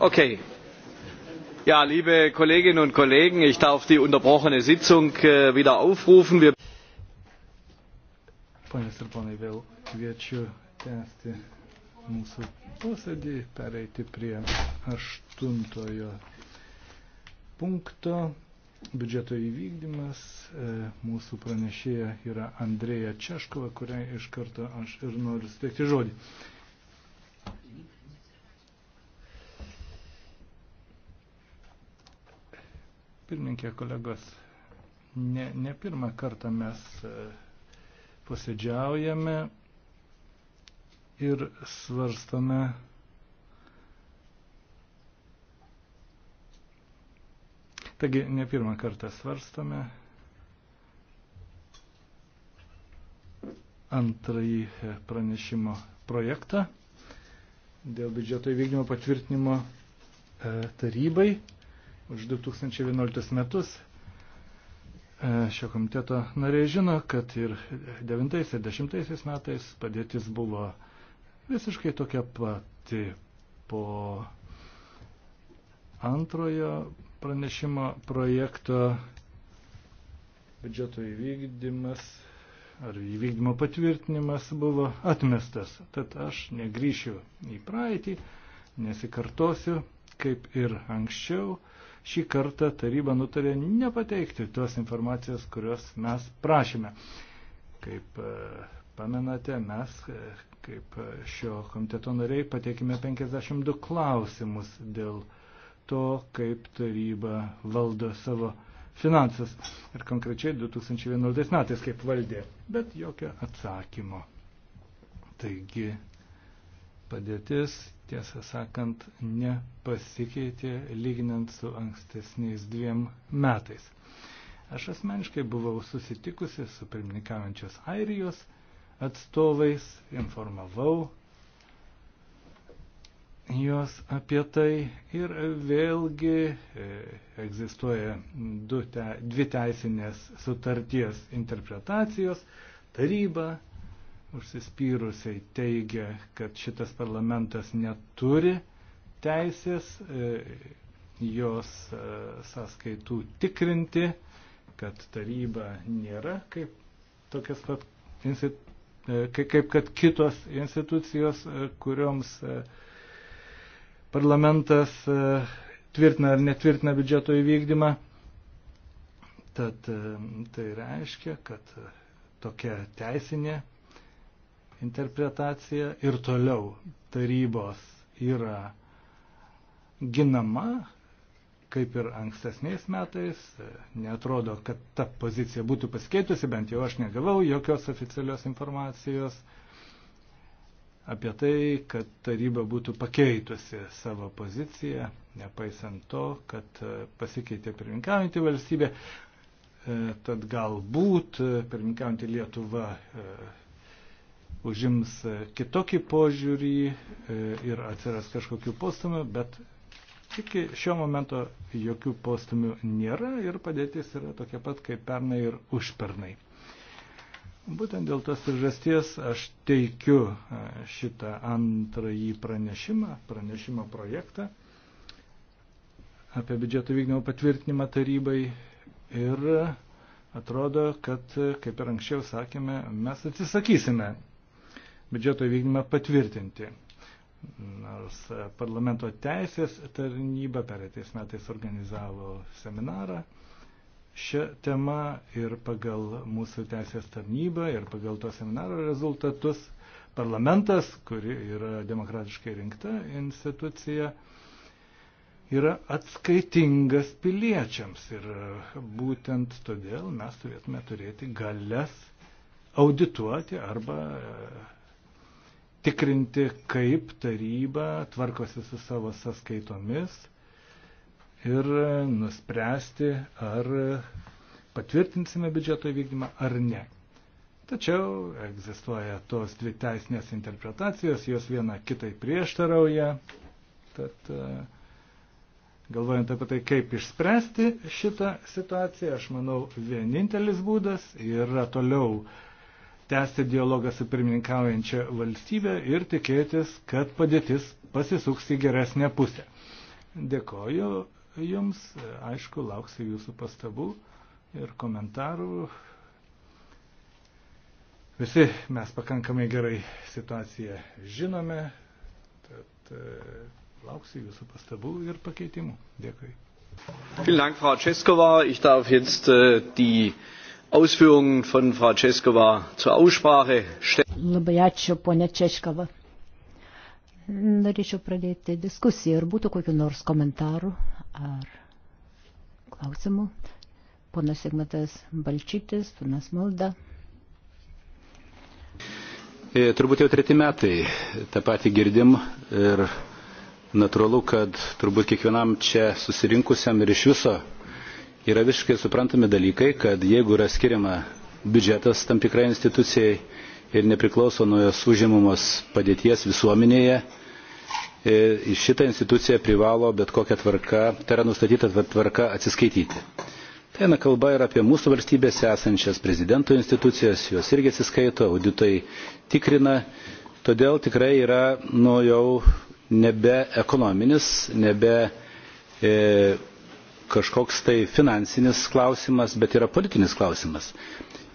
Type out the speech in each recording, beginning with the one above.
Okay. Ja, liebe Kolleginnen und Kollegen, ich darf die unterbrochene Sitzung äh, wieder aufrufen. Wir Ponios ir ponai, vėl kviečiu tęsti mūsų posėdį, pereiti prie aštuntojo punkto. Biudžeto įvykdymas e, mūsų pranešėja yra Andrėja Češkova, kuriai iš karto aš ir noriu suteikti žodį. Pirmininkė, kolegos, ne, ne pirmą kartą mes e, posėdžiaujame ir svarstame Taigi ne pirmą kartą svarstame antrąjį e, pranešimo projektą dėl biudžeto įvykdymo patvirtinimo e, tarybai už 2011 metus. E, šio komiteto nariai žino, kad ir 9 ir 10 metais padėtis buvo visiškai tokia pati po antrojo pranešimo projekto biudžeto įvykdymas ar įvykdymo patvirtinimas buvo atmestas. Tad aš negryšiu į praeitį, nesikartosiu, kaip ir anksčiau šį kartą taryba nutarė nepateikti tos informacijos, kurios mes prašėme. Kaip e, pamenate, mes, e, kaip e, šio komiteto nariai, pateikime 52 klausimus dėl to, kaip taryba valdo savo finansus ir konkrečiai 2011 metais kaip valdė, bet jokio atsakymo. Taigi padėtis, tiesą sakant, nepasikeitė lyginant su ankstesniais dviem metais. Aš asmeniškai buvau susitikusi su pirmininkaujančios Airijos atstovais, informavau juos apie tai ir vėlgi e, egzistuoja du te, dvi teisinės sutarties interpretacijos - taryba užsispyrusiai teigia, kad šitas parlamentas neturi teisės e, jos e, sąskaitų tikrinti, kad taryba nėra kaip tokias pat e, kaip kad kitos institucijos, kurioms parlamentas tvirtina ar netvirtina biudžeto įvykdymą. Tad tai reiškia, kad tokia teisinė interpretacija ir toliau tarybos yra ginama, kaip ir ankstesniais metais. Netrodo, kad ta pozicija būtų pasikeitusi, bent jau aš negavau jokios oficialios informacijos apie tai, kad taryba būtų pakeitusi savo poziciją, nepaisant to, kad e, pasikeitė pirminkaujantį valstybę. E, tad galbūt e, pirminkaujantį Lietuvą užims e, kitokį požiūrį e, ir atsiras kažkokių postumių, bet iki šio momento jokių postumių nėra ir padėtis yra tokia pat kaip pernai ir užpernai. Būtent dėl tos priežasties aš teikiu e, šitą antrąjį pranešimą, pranešimo projektą apie biudžeto vykdymo patvirtinimą tarybai ir atrodo, kad, kaip ir anksčiau sakėme, mes atsisakysime biudžeto įvykdymą patvirtinti. Nors e, parlamento teisės tarnyba per ateis metais organizavo seminarą šią temą ir pagal mūsų teisės tarnybą ir pagal to seminaro rezultatus parlamentas, kuri yra demokratiškai rinkta institucija, yra atskaitingas piliečiams ir e, būtent todėl mes turėtume turėti galės audituoti arba e, tikrinti, kaip taryba tvarkosi su savo sąskaitomis ir nuspręsti, ar patvirtinsime biudžeto įvykdymą ar ne. Tačiau egzistuoja tos dvi teisinės interpretacijos, jos viena kitai prieštarauja. Tad, e, galvojant apie tai, kaip išspręsti šitą situaciją, aš manau, vienintelis būdas yra toliau uh, tęsti dialogą su pirmininkaujančia valstybė ir tikėtis, kad padėtis pasisuks į geresnę pusę. Dėkoju Jums, aišku, lauksiu Jūsų pastabų ir komentarų. Visi mes pakankamai gerai situaciją žinome, tad e, lauksiu Jūsų pastabų ir pakeitimų. Dėkui. Vielen Dank, Frau Českova. Ich darf jetzt äh, die Ausführungen von Frau Českova zur Aussprache stellen. Labai ačiū, ponė Českova. Norėčiau pradėti diskusiją. Ar būtų kokiu nors komentarų ar klausimų? Ponas Sigmatas Balčytis, ponas Malda. E, turbūt jau treti metai tą patį girdim ir natūralu, kad turbūt kiekvienam čia susirinkusiam ir iš viso yra visiškai suprantami dalykai, kad jeigu yra skiriama biudžetas tam tikrai institucijai ir nepriklauso nuo jos užimamos padėties visuomenėje, e, šitą instituciją privalo bet kokią tvarką, tai yra nustatyta tvarka atsiskaityti. Tai eina kalba ir apie mūsų valstybėse esančias prezidento institucijas, jos irgi atsiskaito, auditai tikrina, todėl tikrai yra nu, jau nebe ekonominis, nebe e, kažkoks tai finansinis klausimas, bet yra politinis klausimas.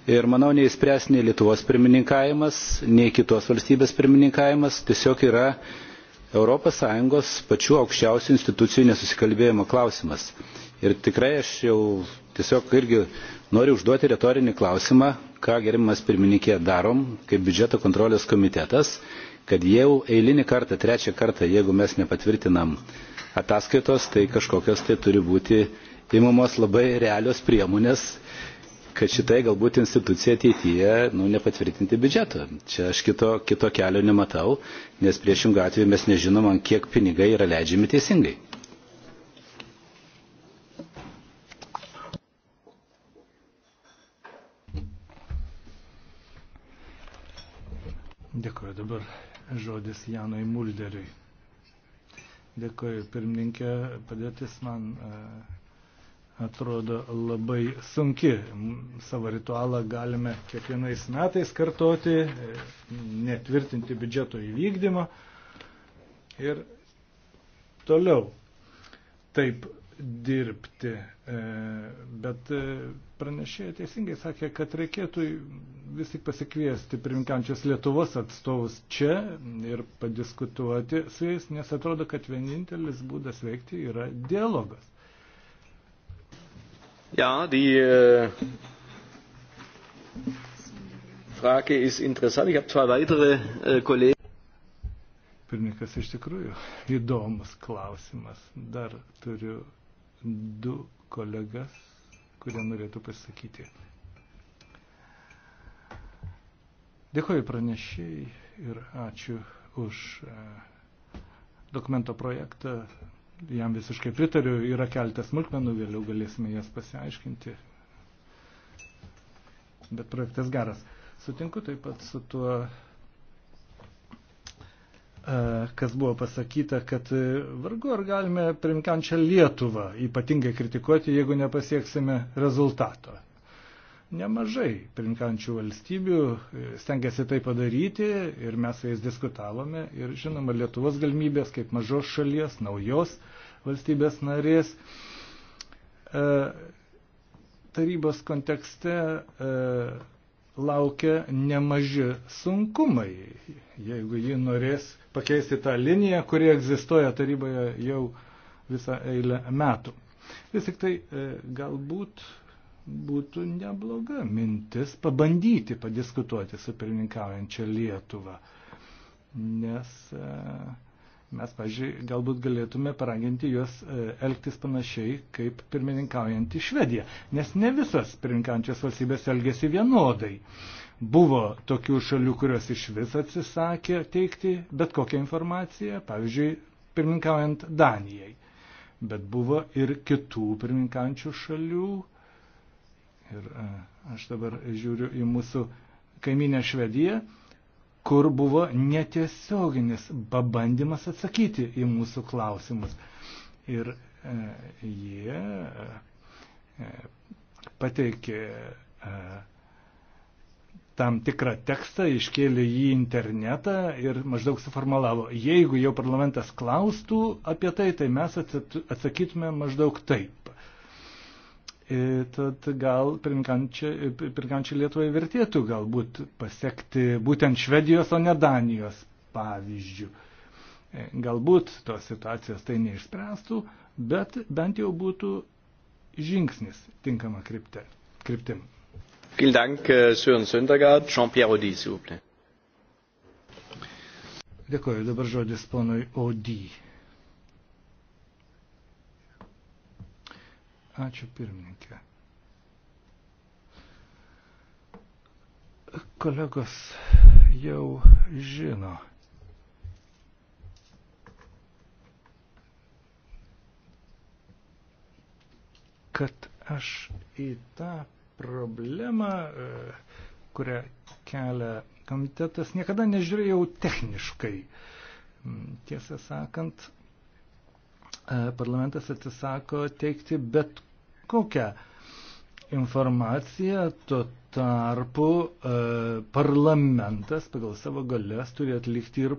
Ir manau, neįspręs nei Lietuvos pirmininkavimas, nei kitos valstybės pirmininkavimas, tiesiog yra ES pačių aukščiausių institucijų nesusikalbėjimo klausimas. Ir tikrai aš jau tiesiog irgi noriu užduoti retorinį klausimą, ką gerimas pirmininkė darom kaip biudžeto kontrolės komitetas, kad jau eilinį kartą, trečią kartą, jeigu mes nepatvirtinam ataskaitos, tai kažkokios tai turi būti imamos labai realios priemonės, kad šitai galbūt institucija ateityje nu, nepatvirtinti biudžeto. Čia aš kito, kito kelio nematau, nes priešingų atveju mes nežinom, kiek pinigai yra leidžiami teisingai. Dėkuoju dabar žodis Janui Mulderiui. Dėkoju, pirmininkė, padėtis man e, atrodo labai sunki. Savo ritualą galime kiekvienais metais kartoti, e, netvirtinti biudžeto įvykdymą ir toliau. Taip, dirbti. E, bet e, pranešėja teisingai sakė, kad reikėtų vis tik pasikviesti pirminkančios Lietuvos atstovus čia ir padiskutuoti su jais, nes atrodo, kad vienintelis būdas veikti yra dialogas. Ja, die äh, Frage ist interessant. Ich habe zwei weitere äh, Kollegen. Pirmininkas iš tikrųjų įdomus klausimas. Dar turiu du kolegas, kurie norėtų pasakyti. Dėkuoju pranešėjai ir ačiū už e, dokumento projektą. Jam visiškai pritariu, yra keltas smulkmenų, vėliau galėsime jas pasiaiškinti. Bet projektas geras. Sutinku taip pat su tuo E, kas buvo pasakyta, kad e, vargu ar galime primkančią Lietuvą ypatingai kritikuoti, jeigu nepasieksime rezultato. Nemažai primkančių valstybių e, stengiasi tai padaryti ir mes su jais diskutavome ir žinoma Lietuvos galimybės kaip mažos šalies, naujos valstybės narės. Tarybos kontekste laukia nemaži sunkumai, jeigu ji norės pakeisti tą liniją, kuri egzistuoja taryboje jau visą eilę metų. Vis tik tai e, galbūt būtų nebloga mintis pabandyti padiskutuoti su pirmininkaujančia Lietuva, nes e, Mes, pažiūrėjau, galbūt galėtume paraginti juos e, elgtis panašiai kaip pirmininkaujantį Švediją, nes ne visas pirmininkaujančios valstybės elgėsi vienodai. Buvo tokių šalių, kurios iš vis atsisakė teikti bet kokią informaciją, pavyzdžiui, pirmininkaujant Danijai. Bet buvo ir kitų pirmininkaujančių šalių. Ir e, aš dabar žiūriu į mūsų kaiminę Švediją kur buvo netiesioginis pabandymas atsakyti į mūsų klausimus. Ir e, jie e, pateikė e, tam tikrą tekstą, iškėlė jį į internetą ir maždaug suformalavo, jeigu jau parlamentas klaustų apie tai, tai mes atsakytume maždaug taip. E, tad gal pirkančiai Lietuvai vertėtų galbūt pasiekti būtent Švedijos, o ne Danijos pavyzdžių. E, galbūt tos situacijos tai neišspręstų, bet bent jau būtų žingsnis tinkama krypte, kryptim. Vielen Dank, äh, Sören Söndergaard. Jean-Pierre Audi, s'il vous plaît. Dėkuoju, dabar žodis ponui Audi. Ačiū pirmininkė. Kolegos jau žino, kad aš į tą problemą, e, kurią kelia komitetas, niekada nežiūrėjau techniškai. Mm, tiesą sakant, E, parlamentas atsisako teikti bet kokią informaciją, tuo tarpu e, parlamentas pagal savo galės turi atlikti ir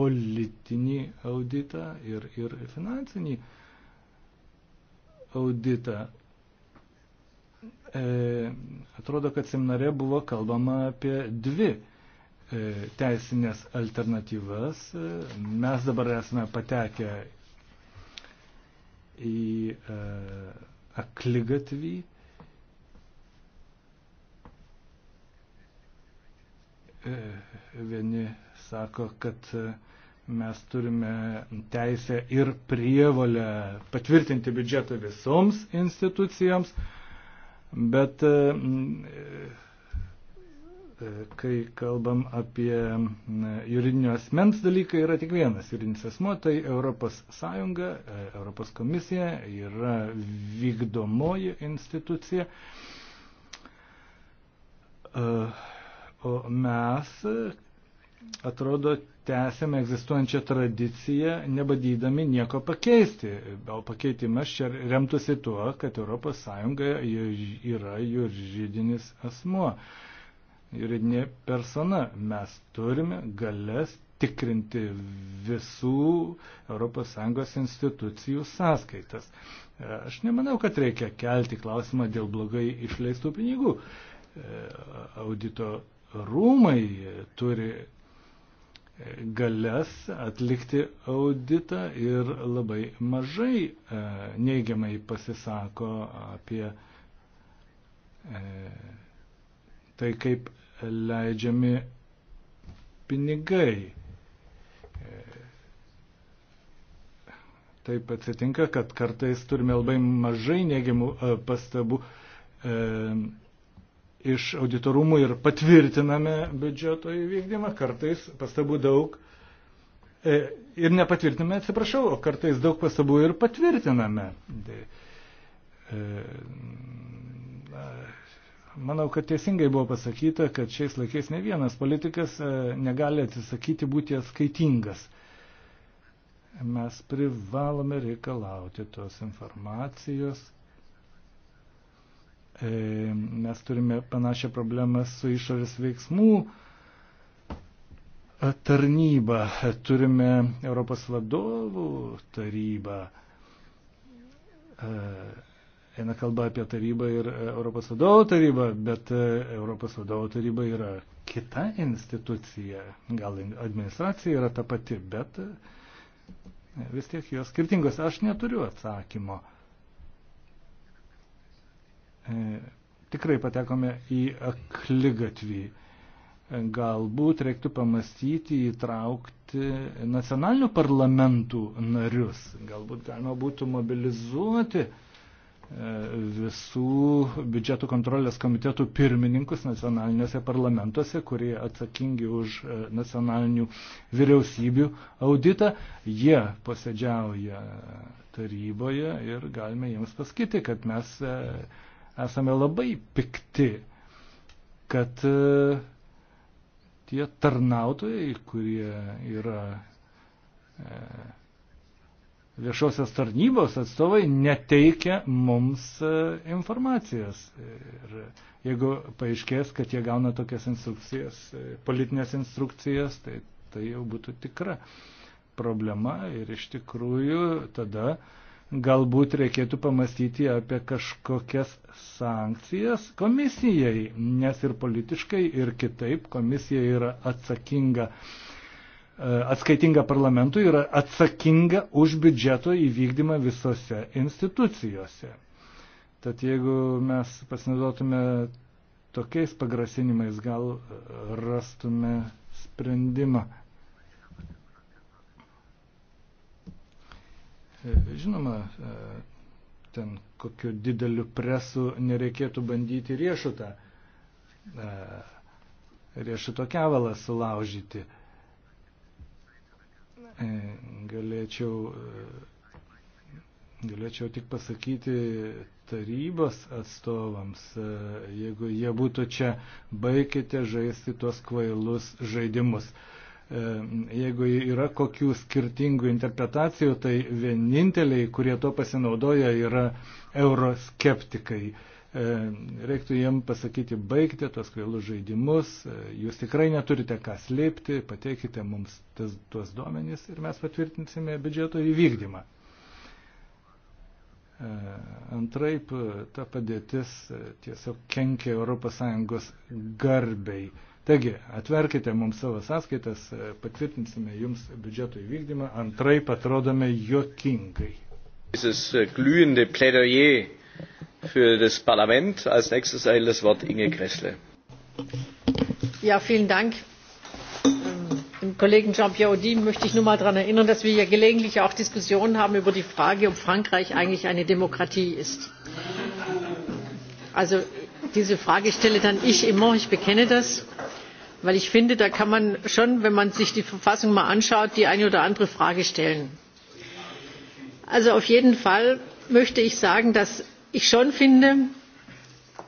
politinį auditą, ir, ir finansinį auditą. E, atrodo, kad seminare buvo kalbama apie dvi e, teisinės alternatyvas. E, mes dabar esame patekę į e, akligatvį. E, vieni sako, kad e, mes turime teisę ir prievalę patvirtinti biudžetą visoms institucijoms, bet e, E, kai kalbam apie juridinio asmens dalyką, yra tik vienas juridinis asmo, tai Europos Sąjunga, e, Europos komisija yra vykdomoji institucija. E, o mes, atrodo, tęsėme egzistuojančią tradiciją, nebadydami nieko pakeisti. O pakeitimas čia remtųsi tuo, kad ES yra juridinis asmuo juridinė persona. Mes turime galės tikrinti visų ES institucijų sąskaitas. E, aš nemanau, kad reikia kelti klausimą dėl blogai išleistų pinigų. E, audito rūmai turi galės atlikti auditą ir labai mažai e, neigiamai pasisako apie tai, kaip leidžiami pinigai. Taip atsitinka, kad kartais turime labai mažai neigiamų e, pastabų e, iš auditorumų ir patvirtiname biudžeto įvykdymą, kartais pastabų daug e, ir nepatvirtiname, atsiprašau, o kartais daug pastabų ir patvirtiname. Manau, kad teisingai buvo pasakyta, kad šiais laikais ne vienas politikas e, negali atsisakyti būti skaitingas. Mes privalome reikalauti tos informacijos. E, mes turime panašią problemą su išorės veiksmų e, tarnybą, turime Europos vadovų tarybą eina kalba apie tarybą ir e, Europos vadovų tarybą, bet e, Europos vadovų taryba yra kita institucija. Gal administracija yra ta pati, bet e, vis tiek jos skirtingos. Aš neturiu atsakymo. E, tikrai patekome į akligatvį. Galbūt reiktų pamastyti įtraukti nacionalinių parlamentų narius. Galbūt galima būtų mobilizuoti uh, visų biudžeto kontrolės komitetų pirmininkus nacionaliniuose parlamentuose, kurie atsakingi už e, nacionalinių vyriausybių auditą. Jie posėdžiauja taryboje ir galime jiems pasakyti, kad mes e, esame labai pikti, kad e, tie tarnautojai, kurie yra viešosios tarnybos atstovai neteikia mums e, informacijos. Ir jeigu paaiškės, kad jie gauna tokias instrukcijas, e, politinės instrukcijas, tai tai jau būtų tikra problema ir iš tikrųjų tada galbūt reikėtų pamastyti apie kažkokias sankcijas komisijai, nes ir politiškai, ir kitaip komisija yra atsakinga uh, E, atskaitinga parlamentui ir atsakinga už biudžeto įvykdymą visose institucijose. Tad jeigu mes pasinaudotume tokiais pagrasinimais, gal rastume sprendimą. E, žinoma, e, ten kokiu dideliu presu nereikėtų bandyti riešutą, riešuto kevalą sulaužyti. E, galėčiau, e, galėčiau tik pasakyti tarybos atstovams, e, jeigu jie būtų čia, baikite žaisti tuos kvailus žaidimus. Jeigu yra kokių skirtingų interpretacijų, tai vieninteliai, kurie to pasinaudoja, yra euroskeptikai. E, reiktų jiem pasakyti, baigti tos kvailus žaidimus, e, jūs tikrai neturite ką slėpti, pateikite mums tas, tuos duomenys ir mes patvirtinsime biudžeto įvykdymą. E, antraip, ta padėtis tiesiog kenkia ES garbei. Taigi, atverkite mums savo sąskaitas, patvirtinsime jums biudžeto įvykdymą, antraip atrodome juokingai. Dieses glühende Plädoyer für das Parlament. Als nächstes erhält das Wort Inge Kressle. Ja, vielen Dank. Ähm, dem Kollegen Jean-Pierre Audi möchte ich nur mal daran erinnern, dass wir ja gelegentlich auch Diskussionen haben über die Frage, ob Frankreich eigentlich eine Demokratie ist. Also diese Frage stelle dann ich immer, ich bekenne das weil ich finde da kann man schon wenn man sich die verfassung mal anschaut die eine oder andere frage stellen. also auf jeden fall möchte ich sagen dass ich schon finde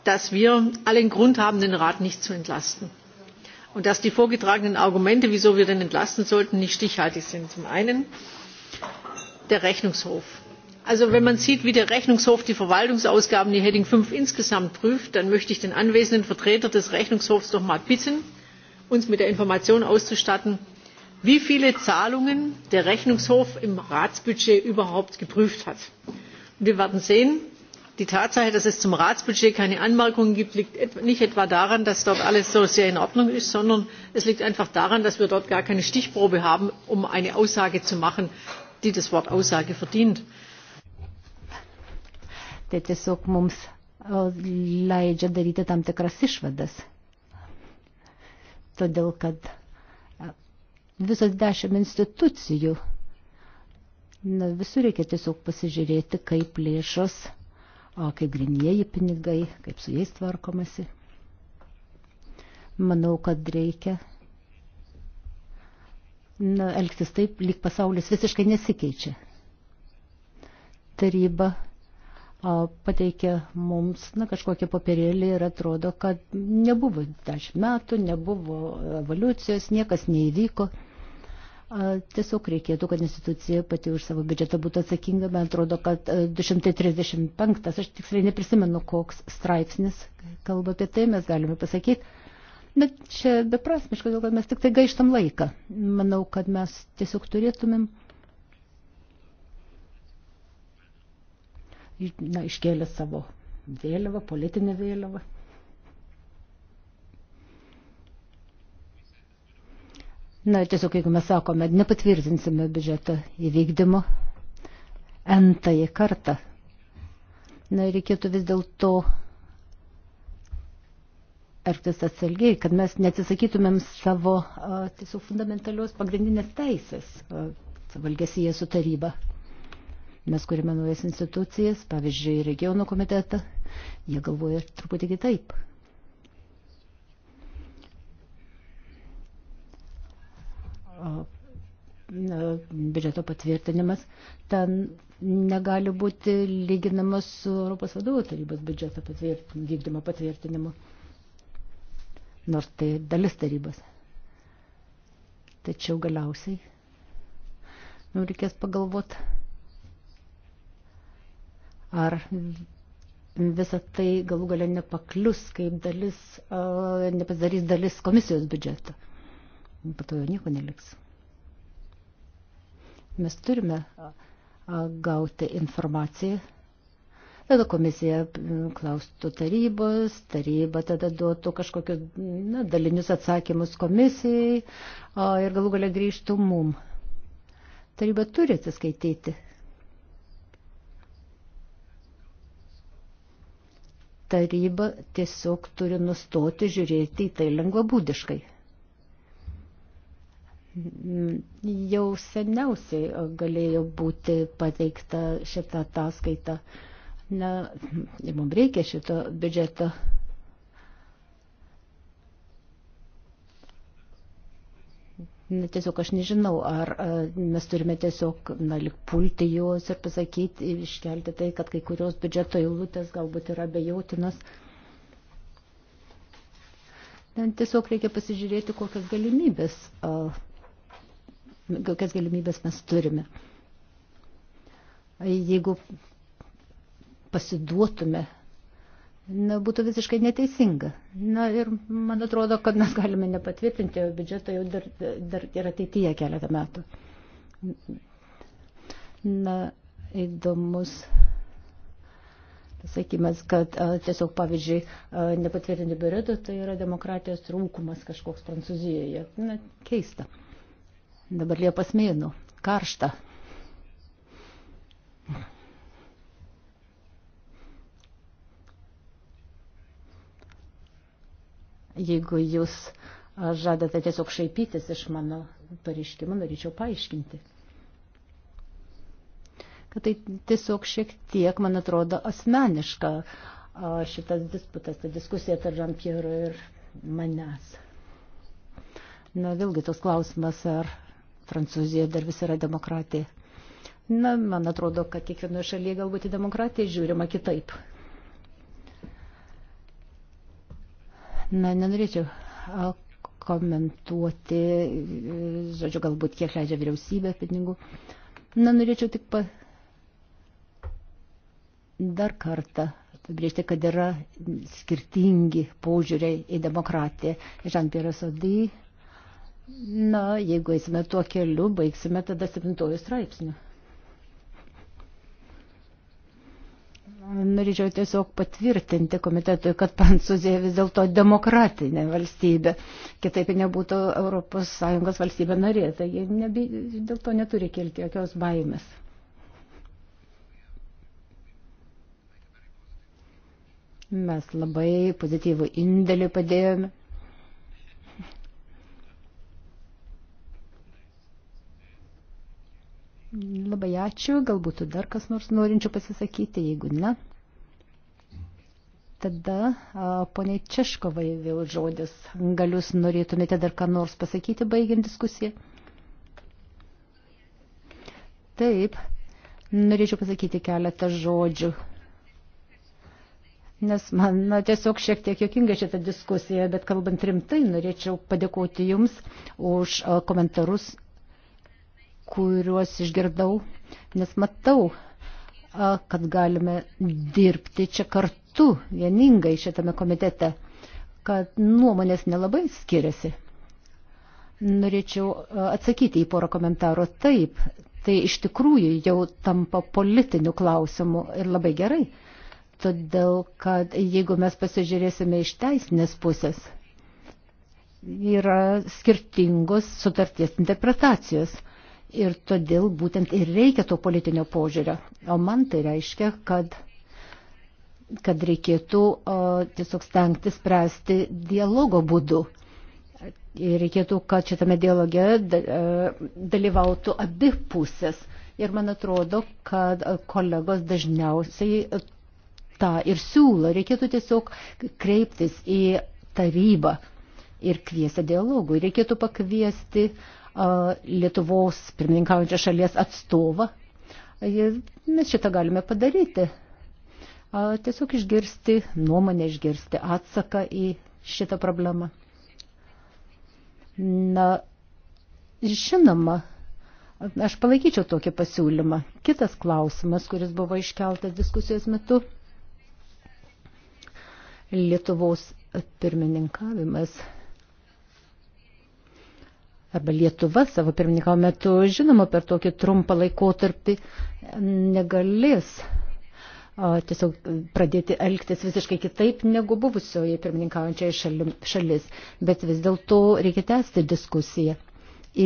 dass wir allen grund haben den rat nicht zu entlasten und dass die vorgetragenen argumente wieso wir den entlasten sollten nicht stichhaltig sind. zum einen der rechnungshof also wenn man sieht wie der rechnungshof die verwaltungsausgaben die rubrik fünf insgesamt prüft dann möchte ich den anwesenden vertreter des rechnungshofs doch mal bitten uns mit der information auszustatten wie viele zahlungen der rechnungshof im ratsbudget überhaupt geprüft hat. wir werden sehen die tatsache dass es zum ratsbudget keine anmerkungen gibt liegt nicht etwa daran dass dort alles so sehr in ordnung ist sondern es liegt einfach daran dass wir dort gar keine stichprobe haben um eine aussage zu machen die das wort aussage verdient. Tai tiesiog mums e, leidžia daryti tam tikras išvadas. Todėl, kad e, visos dešimt institucijų, na, visur reikia tiesiog pasižiūrėti, kaip lėšos kaip grinieji pinigai, kaip su jais tvarkomasi. Manau, kad reikia na, elgtis taip, lyg pasaulis visiškai nesikeičia. Taryba pateikė mums na, kažkokį papirėlį ir atrodo, kad nebuvo dešimt metų, nebuvo evoliucijos, niekas neįvyko. Tiesiog reikėtų, kad institucija pati už savo biudžetą būtų atsakinga. Man atrodo, kad 235, e, aš tiksliai neprisimenu, koks straipsnis kalba apie tai, mes galime pasakyti. Bet čia beprasmiška, dėl to mes tik tai gaištam laiką. Manau, kad mes tiesiog turėtumėm na, iškėlę savo vėliavą, politinę vėliavą. Na, tiesiog jeigu mes sakome, nepatvirtinsime biudžeto įvykdymo entąjį kartą, na, reikėtų vis dėlto elgtis atsilgiai, kad mes netisakytumėm savo a, tiesiog fundamentalios pagrindinės teisės a, savo elgesyje su taryba. Mes kuriame naujas institucijas, pavyzdžiui, regionų komitetą, jie galvoja truputį kitaip. biudžeto patvirtinimas, ten negali būti lyginamas su Europos vadovų tarybos biudžeto patvirtin, vykdymo patvirtinimu, nors tai dalis tarybos. Tačiau galiausiai nu, reikės pagalvoti, ar visą tai galų galę nepaklius, kaip dalis, nepasidarys dalis komisijos biudžeto po to jau nieko neliks. Mes turime gauti informaciją. Tada komisija klaustų tarybos, taryba tada duotų kažkokius na, dalinius atsakymus komisijai ir galų galia grįžtų mum. Taryba turi atsiskaityti. Taryba tiesiog turi nustoti žiūrėti į tai lengvabūdiškai jau seniausiai galėjo būti pateikta šita ataskaita. Na, mums reikia šito biudžeto. Na, tiesiog aš nežinau, ar a, mes turime tiesiog, na, lik pulti juos ir pasakyti, iškelti tai, kad kai kurios biudžeto eilutės galbūt yra bejautinos. Na, tiesiog reikia pasižiūrėti, kokias galimybės a, kokias galimybės mes turime. Jeigu pasiduotume, na, būtų visiškai neteisinga. Na ir man atrodo, kad mes galime nepatvirtinti biudžeto jau dar, dar ir ateityje keletą metų. Na, įdomus pasakymas, kad a, tiesiog, pavyzdžiui, a, nepatvirtinti biuretų, tai yra demokratijos trūkumas kažkoks Prancūzijoje. Na, keista. Dabar Liepas mėnų. Karšta. Jeigu jūs žadate tiesiog šaipytis iš mano pareiškimą, norėčiau paaiškinti. Kad tai tiesiog šiek tiek, man atrodo, asmeniška šitas disputas, ta diskusija tarp Jean-Pierre ir manęs. Na, vėlgi tos klausimas, ar Prancūzija dar vis yra demokratija. Na, man atrodo, kad kiekvienoje šalyje galbūt į demokratiją žiūrima kitaip. Na, nenorėčiau komentuoti, žodžiu, galbūt kiek leidžia vyriausybė pinigų. Na, norėčiau tik pa... dar kartą apibriežti, kad yra skirtingi požiūriai į demokratiją. Jean-Pierre Sodai Na, jeigu eisime tuo keliu, baigsime tada septintojų straipsnių. Norėčiau tiesiog patvirtinti komitetui, kad Prancūzija vis dėlto demokratinė valstybė, kitaip nebūtų ES valstybė narė, tai jie nebe, dėl to neturi kilti jokios baimės. Mes labai pozityvų indėlį padėjome Labai ačiū. Galbūt dar kas nors norinčių pasisakyti, jeigu ne. Tada poniai Češkovai vėl žodis. Gal jūs norėtumėte dar ką nors pasakyti, baigiant diskusiją? Taip, norėčiau pasakyti keletą žodžių. Nes man na, tiesiog šiek tiek jokinga šita diskusija, bet kalbant rimtai, norėčiau padėkoti Jums už komentarus kuriuos išgirdau, nes matau, kad galime dirbti čia kartu vieningai šitame komitete, kad nuomonės nelabai skiriasi. Norėčiau atsakyti į porą komentarų. Taip, tai iš tikrųjų jau tampa politiniu klausimu ir labai gerai, todėl kad jeigu mes pasižiūrėsime iš teisinės pusės, yra skirtingos sutarties interpretacijos. Ir todėl būtent ir reikia to politinio požiūrio. O man tai reiškia, kad, kad reikėtų o, tiesiog stengtis spręsti dialogo būdu. Ir reikėtų, kad šitame dialoge e, dalyvautų abi pusės. Ir man atrodo, kad kolegos dažniausiai tą ir siūlo. Reikėtų tiesiog kreiptis į tarybą ir kviesti dialogui. Reikėtų pakviesti Lietuvos pirmininkaujančios šalies atstovą. Mes šitą galime padaryti. Tiesiog išgirsti nuomonę, išgirsti atsaką į šitą problemą. Na, žinoma, aš palaikyčiau tokį pasiūlymą. Kitas klausimas, kuris buvo iškeltas diskusijos metu. Lietuvos pirmininkavimas arba Lietuva savo pirmininkavo metu, žinoma, per tokį trumpą laikotarpį negalės tiesiog pradėti elgtis visiškai kitaip negu buvusioje pirmininkaujančioje šalis. Bet vis dėlto reikia tęsti diskusiją.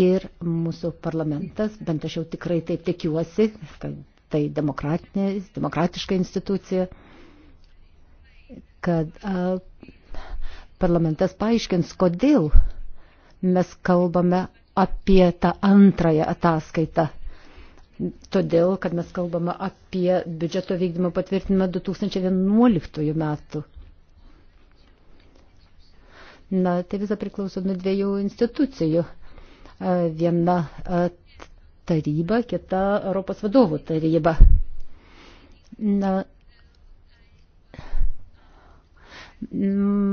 Ir mūsų parlamentas, bent aš jau tikrai taip tikiuosi, kad tai demokratiška institucija, kad a, parlamentas paaiškins, kodėl a, mes kalbame apie tą antrąją ataskaitą. Todėl, kad mes kalbame apie biudžeto vykdymo patvirtinimą 2011 metų. Na, tai visą priklauso nuo dviejų institucijų. Viena taryba, kita Europos vadovų taryba. Na,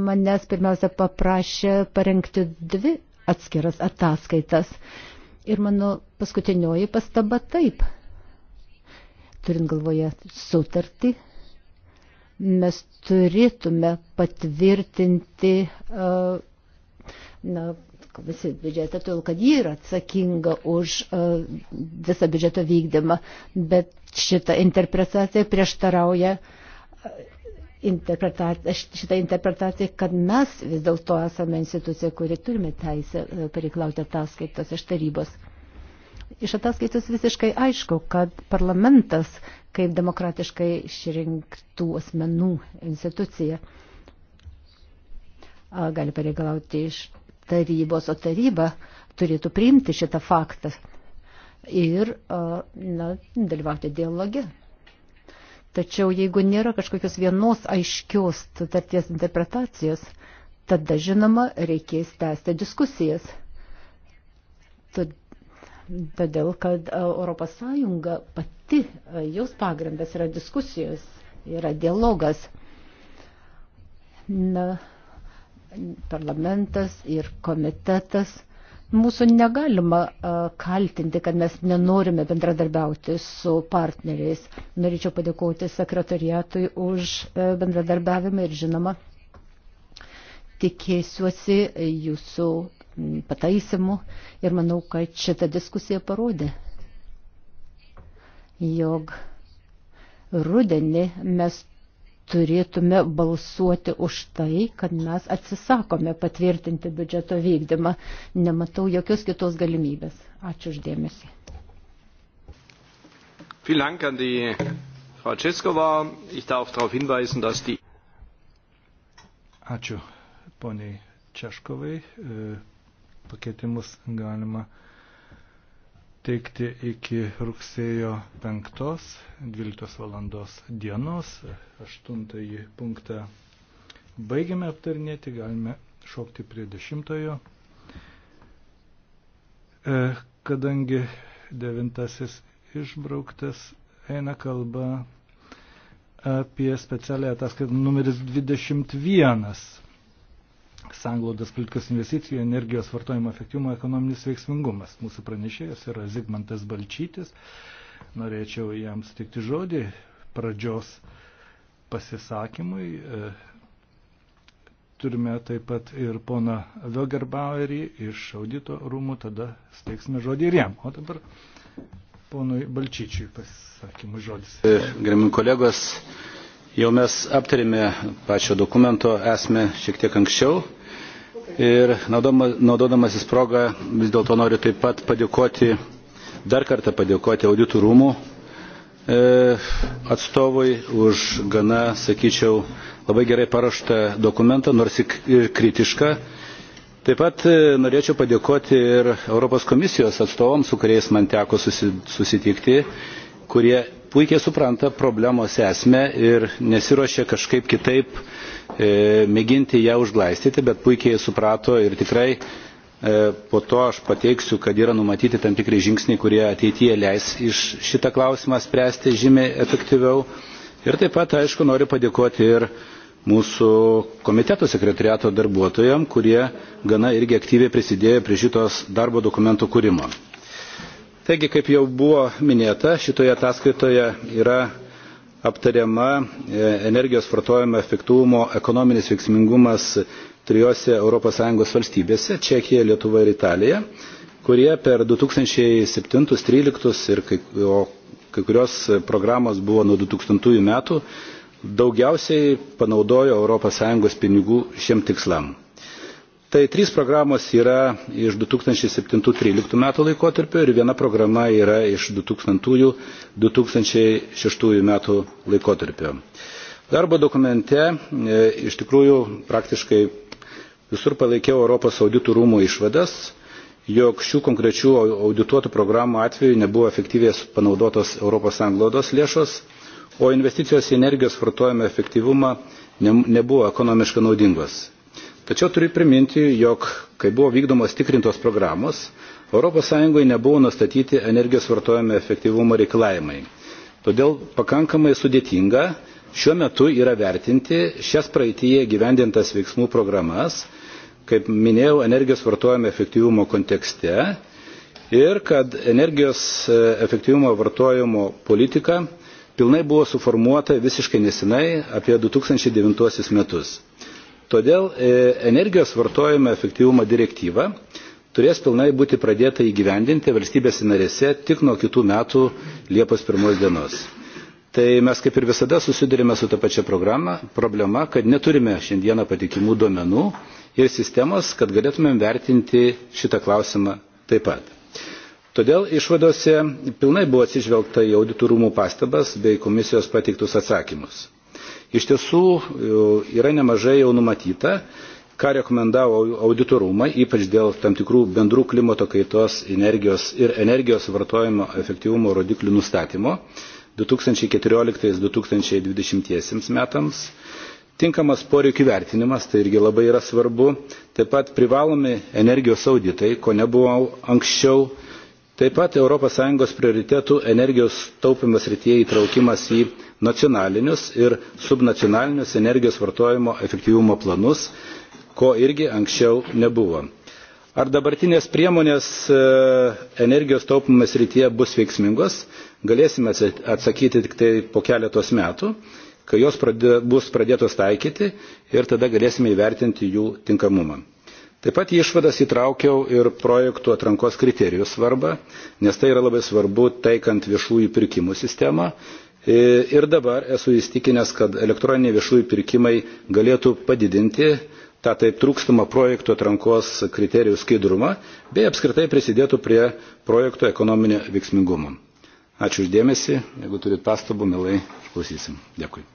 manęs pirmiausia paprašė parengti dvi atskiras ataskaitas. Ir mano paskutinioji pastaba taip. Turint galvoje sutartį, mes turėtume patvirtinti na, visi biudžetą, todėl kad ji yra atsakinga už visą biudžeto vykdymą, bet šita interpretacija prieštarauja interpretacija, šitą interpretaciją, kad mes vis dėlto esame institucija, kuri turime teisę e, pareiklauti ataskaitos iš tarybos. Iš ataskaitos visiškai aišku, kad parlamentas, kaip demokratiškai išrinktų asmenų institucija, gali pareikalauti iš tarybos, o taryba turėtų priimti šitą faktą ir na, dalyvauti dialoge Tačiau jeigu nėra kažkokios vienos aiškios sutarties interpretacijos, tada žinoma reikės tęsti diskusijas. Todėl, kad ES pati, jos pagrindas yra diskusijos, yra dialogas. Na, parlamentas ir komitetas Mūsų negalima kaltinti, kad mes nenorime bendradarbiauti su partneriais. Norėčiau padėkoti sekretariatui už e, bendradarbiavimą ir žinoma, tikėsiuosi jūsų pataisimų ir manau, kad šita diskusija parodė, jog rudenį mes turėtume balsuoti už tai, kad mes atsisakome patvirtinti biudžeto vykdymą. Nematau jokios kitos galimybės. Ačiū uždėmesi. Ačiū poniai Češkovai. E, pakeitimus galima teikti iki rugsėjo 5-12 valandos dienos. Aštuntąjį punktą baigiame aptarinėti, galime šokti prie dešimtojo. E, kadangi devintasis išbrauktas, eina kalba apie specialią ataskaitą numeris 21 sanglaudas politikos investicijų, energijos vartojimo efektyvumo ekonominis veiksmingumas. Mūsų pranešėjas yra Zigmantas Balčytis. Norėčiau jam sutikti žodį pradžios pasisakymui. Turime taip pat ir poną Velgerbauerį iš audito rūmų, tada steiksime žodį ir jam. O dabar ponui Balčyčiui pasisakymų žodis. Gerimi kolegos, Jau mes aptarėme pačio dokumento esmę šiek tiek anksčiau ir naudodamasis progą vis dėlto noriu taip pat padėkoti, dar kartą padėkoti auditų rūmų e, atstovui už gana, sakyčiau, labai gerai paruoštą dokumentą, nors ir kritišką. Taip pat e, norėčiau padėkoti ir Europos komisijos atstovams, su kuriais man teko susitikti, kurie puikiai supranta problemos esmę ir nesiuošia kažkaip kitaip e, mėginti ją užglaistyti, bet puikiai suprato ir tikrai e, po to aš pateiksiu, kad yra numatyti tam tikrai žingsniai, kurie ateityje leis iš šitą klausimą spręsti žymiai efektyviau. Ir taip pat, aišku, noriu padėkoti ir mūsų komiteto sekretariato darbuotojams, kurie gana irgi aktyviai prisidėjo prie šitos darbo dokumentų kūrimo. Taigi, kaip jau buvo minėta, šitoje ataskaitoje yra aptariama e, energijos vartojimo efektyvumo ekonominis veiksmingumas trijose ES valstybėse - Čekija, Lietuva ir Italija, kurie per 2007-2013 ir kai, o, kai kurios programos buvo nuo 2000 metų daugiausiai panaudojo ES pinigų šiem tikslam. Tai trys programos yra iš 2007-2013 metų laikotarpio ir viena programa yra iš 2000-2006 metų laikotarpio. Darbo dokumente e, iš tikrųjų praktiškai visur palaikiau Europos auditų rūmų išvadas, jog šių konkrečių audituotų programų atveju nebuvo efektyviai panaudotos Europos sanglaudos lėšos, o investicijos į energijos vartojimo efektyvumą nebuvo ekonomiškai naudingos tačiau turiu priminti jog kai buvo vykdomos tikrintos programos europos sąjungoje nebuvo nustatyti energijos vartojimo efektyvumo reikalavimai todėl pakankamai sudėtinga šiuo metu yra vertinti šias praeityje įgyvendintas veiksmų programas kaip minėjau energijos vartojimo efektyvumo kontekste ir kad energijos e, efektyvumo vartojimo politika pilnai buvo suformuota visiškai nesenai apie du tūkstančiai devyni metus. Todėl e, energijos vartojimo efektyvumo direktyva turės pilnai būti pradėta įgyvendinti valstybėse narėse tik nuo kitų metų Liepos pirmos dienos. Tai mes kaip ir visada susidurime su ta pačia programa, problema, kad neturime šiandieną patikimų duomenų ir sistemos, kad galėtumėm vertinti šitą klausimą taip pat. Todėl išvadose pilnai buvo atsižvelgta į auditorumų pastabas bei komisijos pateiktus atsakymus. Iš tiesų e, yra nemažai jau numatyta, ką rekomendavo auditorumai, ypač dėl tam tikrų bendrų klimato kaitos energijos ir energijos vartojimo efektyvumo rodiklių nustatymo 2014-2020 metams. Tinkamas poreikių vertinimas, tai irgi labai yra svarbu. Taip pat privalomi energijos auditai, ko nebuvo anksčiau Taip pat ES prioritetų energijos taupimo srityje įtraukimas į nacionalinius ir subnacionalinius energijos vartojimo efektyvumo planus, ko irgi anksčiau nebuvo. Ar dabartinės priemonės e, energijos taupimo srityje bus veiksmingos, galėsime atsakyti tik tai po keletos metų, kai jos pradė, bus pradėtos taikyti ir tada galėsime įvertinti jų tinkamumą. Taip pat išvadas įtraukiau ir projektų atrankos kriterijų svarbą, nes tai yra labai svarbu taikant viešųjų pirkimų sistemą. E, ir dabar esu įstikinęs, kad elektroniniai viešųjų pirkimai galėtų padidinti tą taip trūkstamą projektų atrankos kriterijų skaidrumą bei apskritai prisidėtų prie projektų ekonominio veiksmingumo. Ačiū uždėmesi, jeigu turit pastabų, mielai klausysim. Dėkui.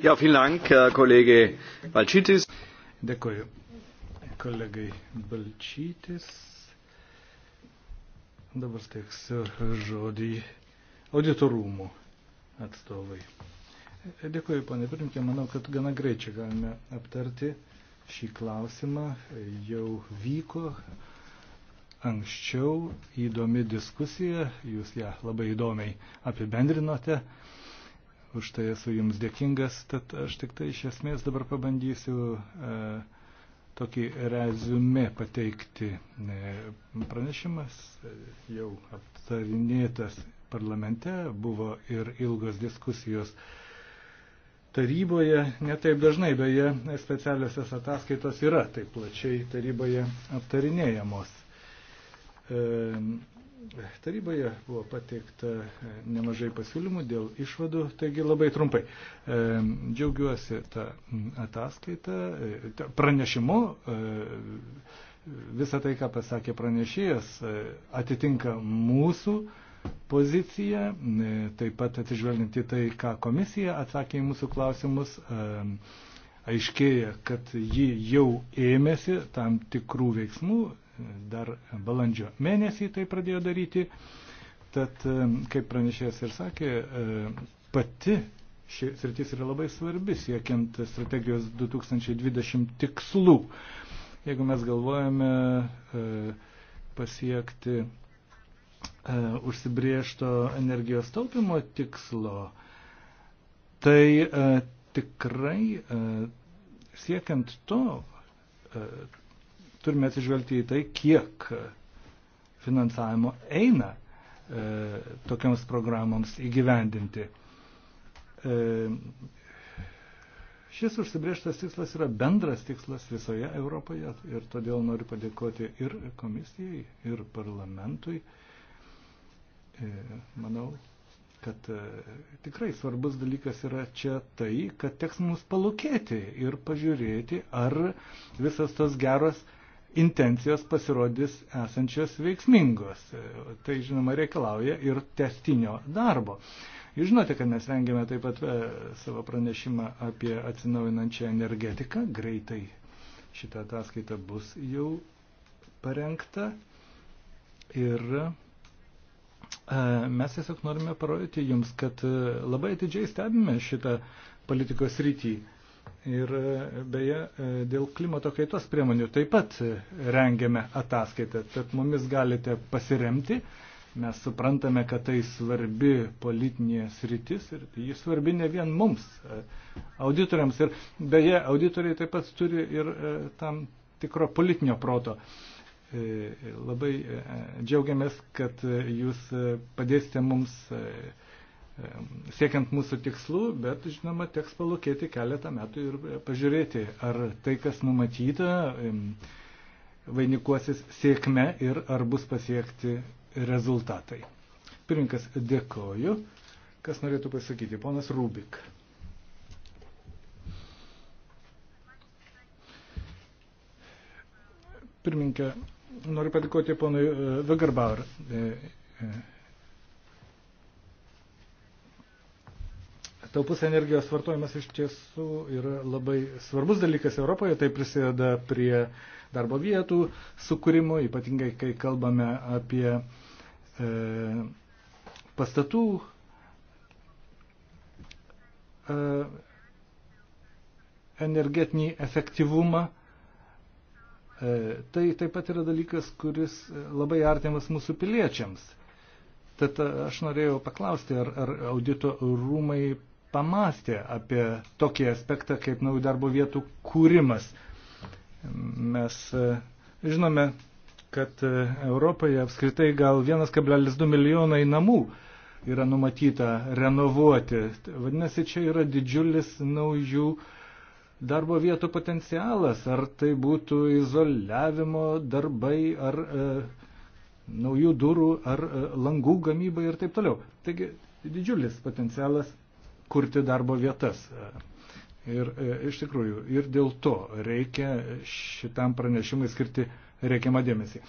Ja, vielen Dank, kolegė Balčytis. Dėkuoju kolegai Balčytis. Dabar teiksiu žodį auditorumų atstovai. Dėkuoju, ponė Pirmkė, manau, kad gana greičiai galime aptarti šį klausimą. Jau vyko anksčiau įdomi diskusija, jūs ją labai įdomiai apibendrinote už tai esu jums dėkingas, tad aš tik tai iš esmės dabar pabandysiu e, tokį rezumė pateikti. E, pranešimas e, jau aptarinėtas parlamente, buvo ir ilgos diskusijos taryboje, netaip dažnai, beje, specialiosios ataskaitos yra taip plačiai taryboje aptarinėjamos. E, Taryboje buvo pateikta e, nemažai pasiūlymų dėl išvadų, taigi labai trumpai. E, džiaugiuosi tą ataskaitą, e, pranešimu. Visą tai, ką pasakė pranešėjas, atitinka mūsų poziciją, taip pat atsižvelgiant į tai, ką komisija atsakė į mūsų klausimus aiškėja, kad ji jau ėmėsi tam tikrų veiksmų, dar balandžio mėnesį tai pradėjo daryti. Tad, e, kaip pranešėjas ir sakė, e, pati ši sritis yra labai svarbi siekiant strategijos 2020 tikslų. Jeigu mes galvojame e, pasiekti užsibriešto energijos taupimo tikslo, tai tikrai siekiant to turime atsižvelgti į tai, kiek finansavimo eina e, tokiams programoms įgyvendinti. E, šis užsibrieštas tikslas yra bendras tikslas visoje Europoje ir todėl noriu padėkoti ir komisijai, ir parlamentui. E, manau, kad e, tikrai svarbus dalykas yra čia tai, kad teks mums palūkėti ir pažiūrėti, ar visas tos geros intencijos pasirodys esančios veiksmingos. Tai, žinoma, reikalauja ir testinio darbo. Jūs žinote, kad mes rengiame taip pat e, savo pranešimą apie atsinaujinančią energetiką. Greitai šitą ataskaitą bus jau parengta. Ir e, mes tiesiog norime parodyti jums, kad e, labai atidžiai stebime šitą politikos rytį. Ir e, beje, e, dėl klimato kaitos priemonių taip pat e, rengiame ataskaitą, tad mumis galite pasiremti. Mes suprantame, kad tai svarbi politinė sritis ir tai ji svarbi ne vien mums, auditoriams. Ir beje, auditoriai taip pat turi ir tam tikro politinio proto. Labai džiaugiamės, kad jūs padėsite mums siekiant mūsų tikslų, bet žinoma, teks palūkėti keletą metų ir pažiūrėti, ar tai, kas numatyta, vainikuosis sėkme ir ar bus pasiekti rezultatai. Pirinkas, dėkoju. Kas norėtų pasakyti? Ponas Rubik. Pirminkė, noriu padėkoti ponui e, Vegarbaur e, e, Taupus energijos vartojimas iš tiesų yra labai svarbus dalykas Europoje, tai prisideda prie darbo vietų sukūrimo, ypatingai kai kalbame apie e, pastatų e, energetinį efektyvumą. E, tai taip pat yra dalykas, kuris labai artimas mūsų piliečiams. Tad e, aš norėjau paklausti, ar, ar audito rūmai pamastė apie tokį aspektą kaip naujų darbo vietų kūrimas. Mes e, žinome, kad e, Europoje apskritai gal 1,2 milijonai namų yra numatyta renovuoti. Vadinasi, čia yra didžiulis naujų darbo vietų potencialas, ar tai būtų izoliavimo darbai, ar e, naujų durų, ar e, langų gamyba ir taip toliau. Taigi didžiulis potencialas kurti darbo vietas. Ir e, iš tikrųjų, ir dėl to reikia šitam pranešimui skirti reikiamą dėmesį.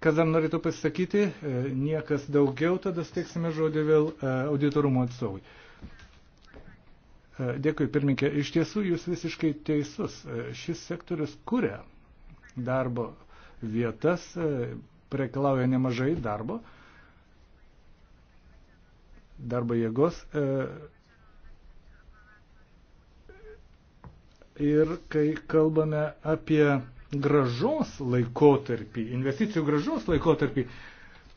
Kas dar norėtų pasisakyti, e, niekas daugiau, tada steiksime žodį vėl e, auditorumo atstovui. Dėkui, pirminkė. Iš tiesų, jūs visiškai teisus. Šis sektorius kuria darbo vietas, prekalauja nemažai darbo darbo jėgos. E, ir kai kalbame apie gražos laikotarpį, investicijų gražos laikotarpį,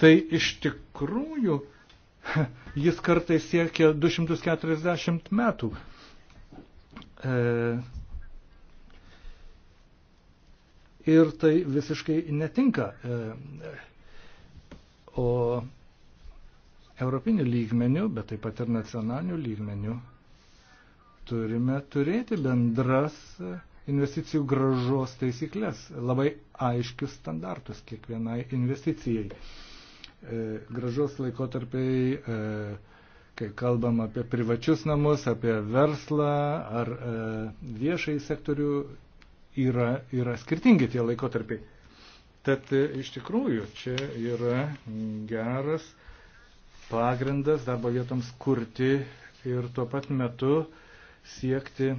tai iš tikrųjų jis kartais siekia 240 metų. E, ir tai visiškai netinka. E, o Europinių lygmenių, bet taip pat ir nacionalinių lygmenių turime turėti bendras investicijų gražos taisyklės, labai aiškius standartus kiekvienai investicijai. E, gražos laikotarpiai, e, kai kalbam apie privačius namus, apie verslą ar e, viešai sektorių, yra, yra skirtingi tie laikotarpiai. Tad iš tikrųjų čia yra geras pagrindas darbo vietoms kurti ir tuo pat metu siekti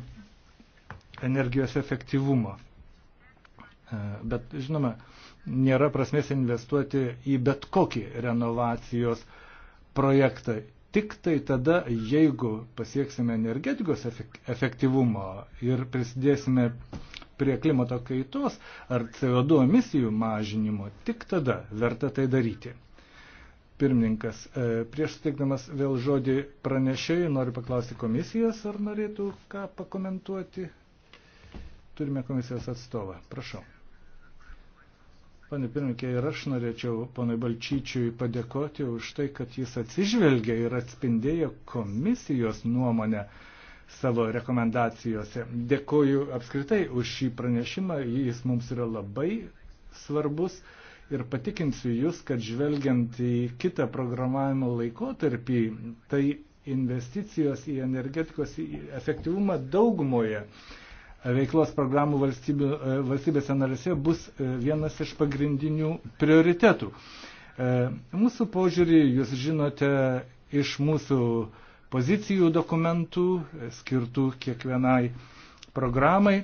energijos efektyvumo. E, bet žinoma, nėra prasmės investuoti į bet kokį renovacijos projektą. Tik tai tada, jeigu pasieksime energetikos efektyvumo ir prisidėsime prie klimato kaitos ar CO2 emisijų mažinimo, tik tada verta tai daryti. Pirmininkas, e, prieš suteikdamas vėl žodį pranešėjai, noriu paklausti komisijos, ar norėtų ką pakomentuoti. Turime komisijos atstovą. Prašau. Pane pirmininkė, ir aš norėčiau ponui Balčyčiui padėkoti už tai, kad jis atsižvelgia ir atspindėjo komisijos nuomonę savo rekomendacijose. Dėkoju apskritai už šį pranešimą, jis mums yra labai svarbus ir patikinsiu Jūs, kad žvelgiant į kitą programavimo laikotarpį, tai investicijos į energetikos efektyvumą daugumoje veiklos programų valstybių, e, valstybėse narėse bus e, vienas iš pagrindinių prioritetų. E, mūsų požiūrį jūs žinote iš mūsų pozicijų dokumentų skirtų kiekvienai programai.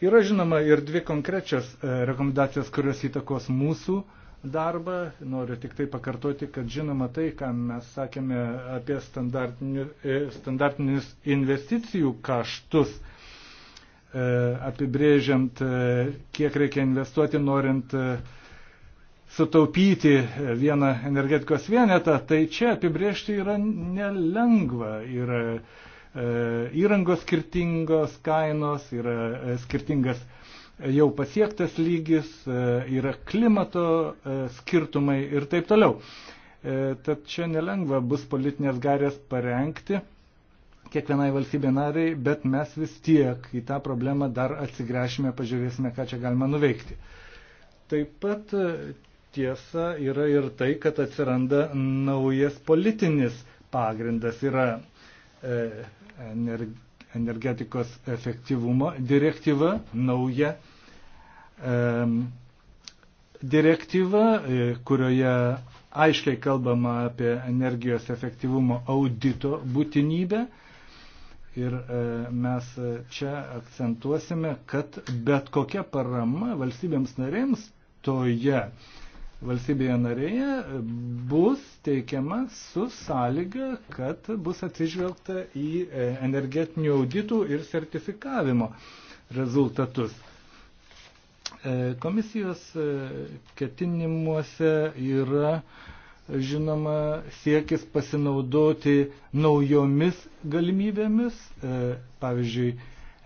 Yra žinoma ir dvi konkrečios e, rekomendacijos, kurios įtakos mūsų darbą. Noriu tik tai pakartoti, kad žinoma tai, ką mes sakėme apie e, standartinius investicijų kaštus, e, apibrėžiant, kiek reikia investuoti, norint sutaupyti vieną energetikos vienetą, tai čia apibrėžti yra nelengva. Yra E, įrangos skirtingos kainos, yra e, skirtingas jau pasiektas lygis, e, yra klimato skirtumai ir taip toliau. Tad čia nelengva bus politinės garės parengti kiekvienai valstybė nariai, bet mes vis tiek į tą problemą dar atsigręšime, pažiūrėsime, ką čia galima nuveikti. Taip pat tiesa yra ir tai, kad atsiranda naujas politinis pagrindas. Yra e, energetikos efektyvumo direktyva, nauja direktyva, e, kurioje aiškiai kalbama apie energijos efektyvumo audito būtinybę. Ir e, mes čia akcentuosime, kad bet kokia parama valstybėms narėms toje valstybėje narėje bus teikiama su sąlyga, kad bus atsižvelgta į e, energetinių auditų ir sertifikavimo rezultatus. E, komisijos e, ketinimuose yra žinoma, siekis pasinaudoti naujomis galimybėmis, pavyzdžiui,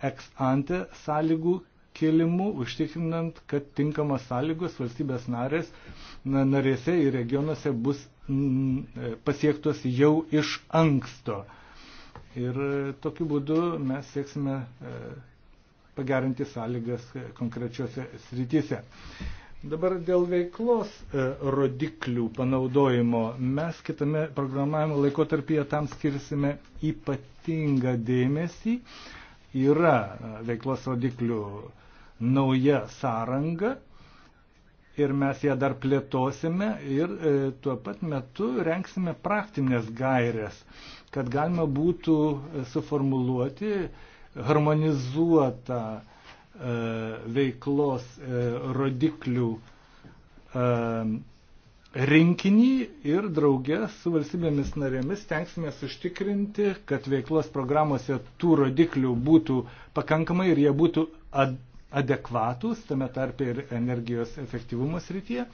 ex ante sąlygų kėlimu, užtikrinant, kad tinkamas sąlygos valstybės narės na, narėse ir regionuose bus m, mm, e, pasiektos jau iš anksto. Ir e, tokiu būdu mes sieksime e, pagerinti sąlygas e, konkrečiose srityse. Dabar dėl veiklos e, rodiklių panaudojimo mes kitame programavimo laikotarpyje tam skirsime ypatingą dėmesį. Yra veiklos rodiklių e, nauja sąranga ir mes ją dar plėtosime ir e, tuo pat metu renksime praktinės gairės, kad galima būtų e, suformuluoti harmonizuotą e, veiklos e, rodiklių e, rinkinį ir draugė su valstybėmis narėmis tenksime užtikrinti, kad veiklos programuose tų rodiklių būtų pakankamai ir jie būtų ad, adekvatūs, tame tarpe ir energijos efektyvumo srityje.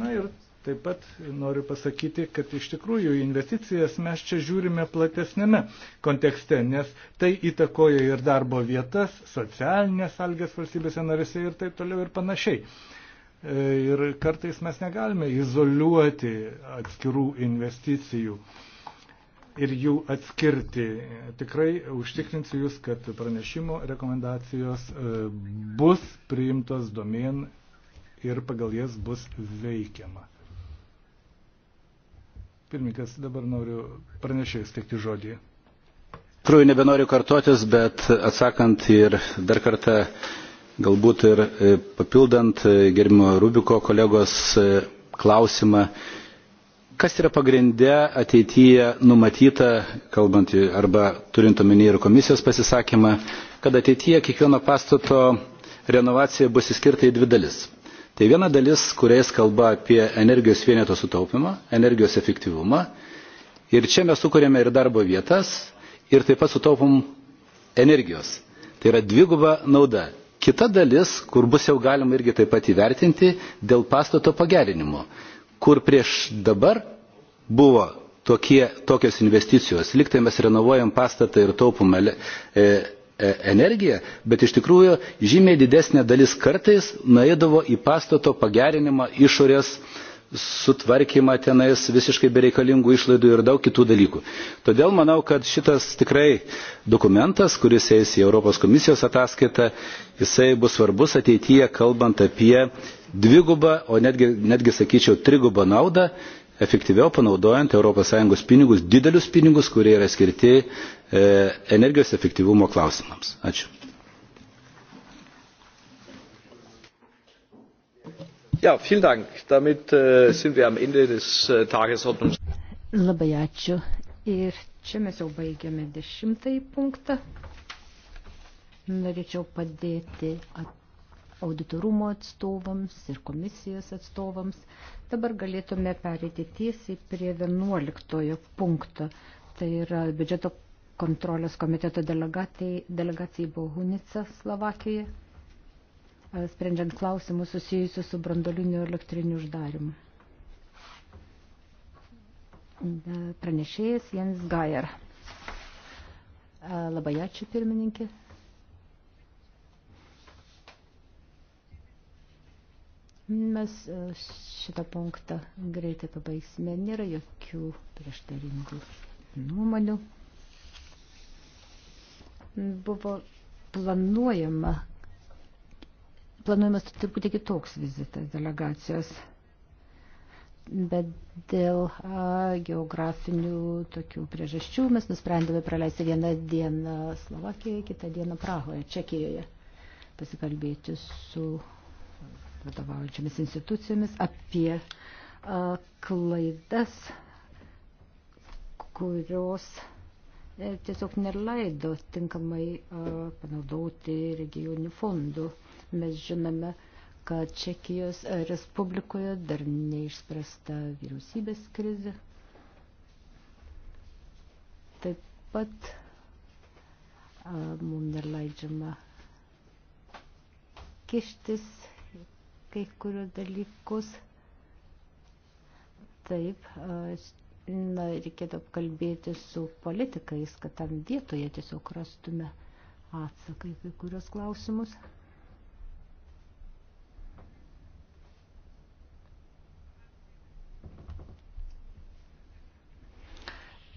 Na ir taip pat noriu pasakyti, kad iš tikrųjų investicijas mes čia žiūrime platesnėme kontekste, nes tai įtakoja ir darbo vietas, socialinės algės valstybėse narėse ir taip toliau ir panašiai. E, ir kartais mes negalime izoliuoti atskirų investicijų. Uh, ir jų atskirti. Tikrai užtikrinsiu Jūs, kad pranešimo rekomendacijos e, bus priimtos domėn ir pagal jas bus veikiama. Pirmininkas, dabar noriu pranešėjus teikti žodį. Tikrųjų nebenoriu kartotis, bet atsakant ir dar kartą galbūt ir e, papildant e, gerimo Rubiko kolegos klausimą, Kas yra pagrindė ateityje numatyta, kalbant arba turint omeny ir komisijos pasisakymą, kad ateityje kiekvieno pastato renovacija bus įskirta į dvi dalis. Tai viena dalis, kuriais kalba apie energijos vieneto sutaupimą, energijos efektyvumą. Ir čia mes sukūrėme ir darbo vietas, ir taip pat sutaupom energijos. Tai yra dviguba nauda. Kita dalis, kur bus jau galima irgi taip pat įvertinti dėl pastato pagerinimo kur prieš dabar buvo tokie, tokios investicijos. Liktai mes renovuojam pastatą ir taupom e, e, energiją, bet iš tikrųjų žymiai didesnė dalis kartais nuėdavo į pastato pagerinimą išorės sutvarkymą tenais visiškai bereikalingų išlaidų ir daug kitų dalykų. Todėl manau, kad šitas tikrai dokumentas, kuris eis į Europos komisijos ataskaitą, jisai bus svarbus ateityje, kalbant apie dvigubą, o netgi, netgi sakyčiau trigubą naudą efektyviau panaudojant ES pinigus, didelius pinigus, kurie yra skirti e, energijos efektyvumo klausimams. Ačiū. Ja, vielen Dank. Damit äh, sind wir am Ende des äh, Tagesordnungs. Labai ačiū. Ir čia mes jau baigėme dešimtąjį punktą. Norėčiau padėti at auditorumo atstovams ir komisijos atstovams. Dabar galėtume perėti tiesiai prie 11 punkto. Tai yra biudžeto kontrolės komiteto delegacijai Bohunica Slovakijoje, sprendžiant klausimus susijusius su brandoliniu elektriniu uždarimu. Pranešėjas Jens Gajer. Labai ačiū pirmininkė. Mes e, šitą punktą greitai pabaigsime. Nėra jokių prieštaringų nuomonių. Buvo planuojama, planuojamas truputį kitoks vizitas delegacijos, bet dėl a, geografinių tokių priežasčių mes nusprendėme praleisti vieną dieną Slovakijoje, kitą dieną Prahoje, Čekijoje, pasikalbėti su vadovaujančiamis institucijomis apie klaidas, kurios e, tiesiog neleido tinkamai panaudoti regioninių fondų. Mes žinome, kad Čekijos Respublikoje dar neišspręsta vyriausybės krizė. Taip pat mums neleidžiama kištis kai kurios dalykus. Taip, na, reikėtų apkalbėti su politikais, kad tam vietoje tiesiog rastume atsakai kai kurios klausimus.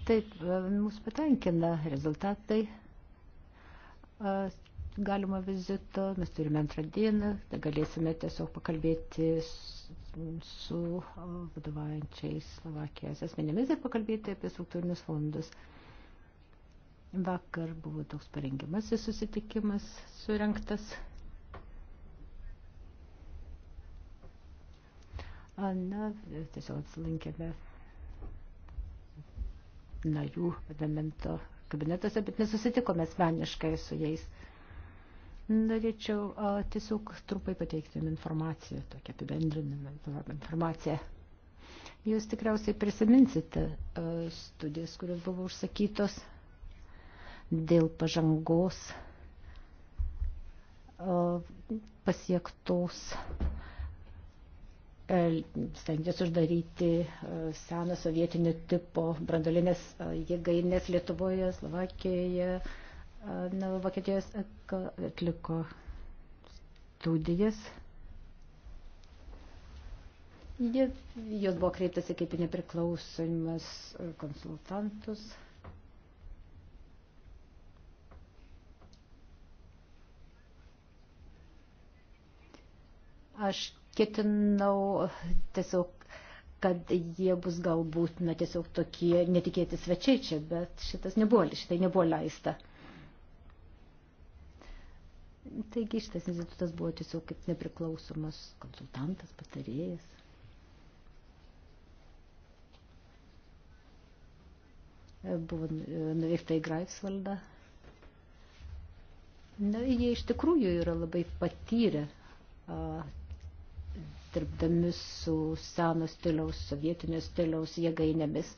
Taip, mus patenkina rezultatai galimo vizito, mes turime antrą dieną, tai galėsime tiesiog pakalbėti su vadovaujančiais Slovakijos asmenėmis ir pakalbėti apie struktūrinius fondus. Vakar buvo toks parengimas ir susitikimas surinktas. Na, tiesiog atsilankėme narių parlamento kabinetuose, bet nesusitikome asmeniškai su jais. Norėčiau a, tiesiog trumpai pateikti jums informaciją, tokią apibendrinimą informaciją. Jūs tikriausiai prisiminsite a, studijas, kurios buvo užsakytos dėl pažangos a, pasiektos e, stengiasi uždaryti seną sovietinio tipo brandolinės jėgainės Lietuvoje, Slovakijoje, Vokietijos atliko studijas. Jis, jos buvo kreiptasi kaip nepriklausomas konsultantus. Aš ketinau tiesiog, kad jie bus galbūt na, tiesiog tokie netikėti svečiai čia, bet šitas nebuvo, šitai nebuvo leista. Taigi šitas institutas buvo tiesiog kaip nepriklausomas konsultantas, patarėjas. E, buvo e, ir tai Greifsvalda. Na, jie iš tikrųjų yra labai patyrę, a, dirbdami su seno stiliaus, sovietinio stiliaus jėgainėmis.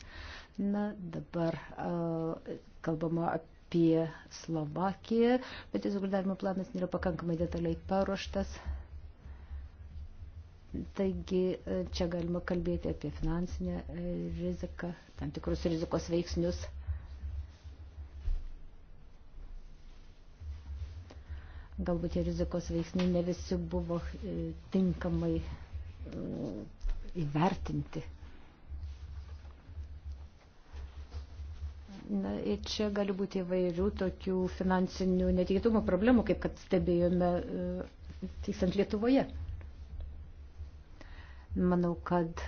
Na, dabar a, kalbama apie apie Slovakiją, bet tiesiog darimo planas nėra pakankamai detaliai paruoštas. Taigi e, čia galima kalbėti apie finansinę e, riziką, tam tikrus rizikos veiksnius. Galbūt tie rizikos veiksniai ne visi buvo e, tinkamai įvertinti. Na, ir čia gali būti įvairių tokių finansinių netikėtumo problemų, kaip kad stebėjome e, tiksant Lietuvoje. Manau, kad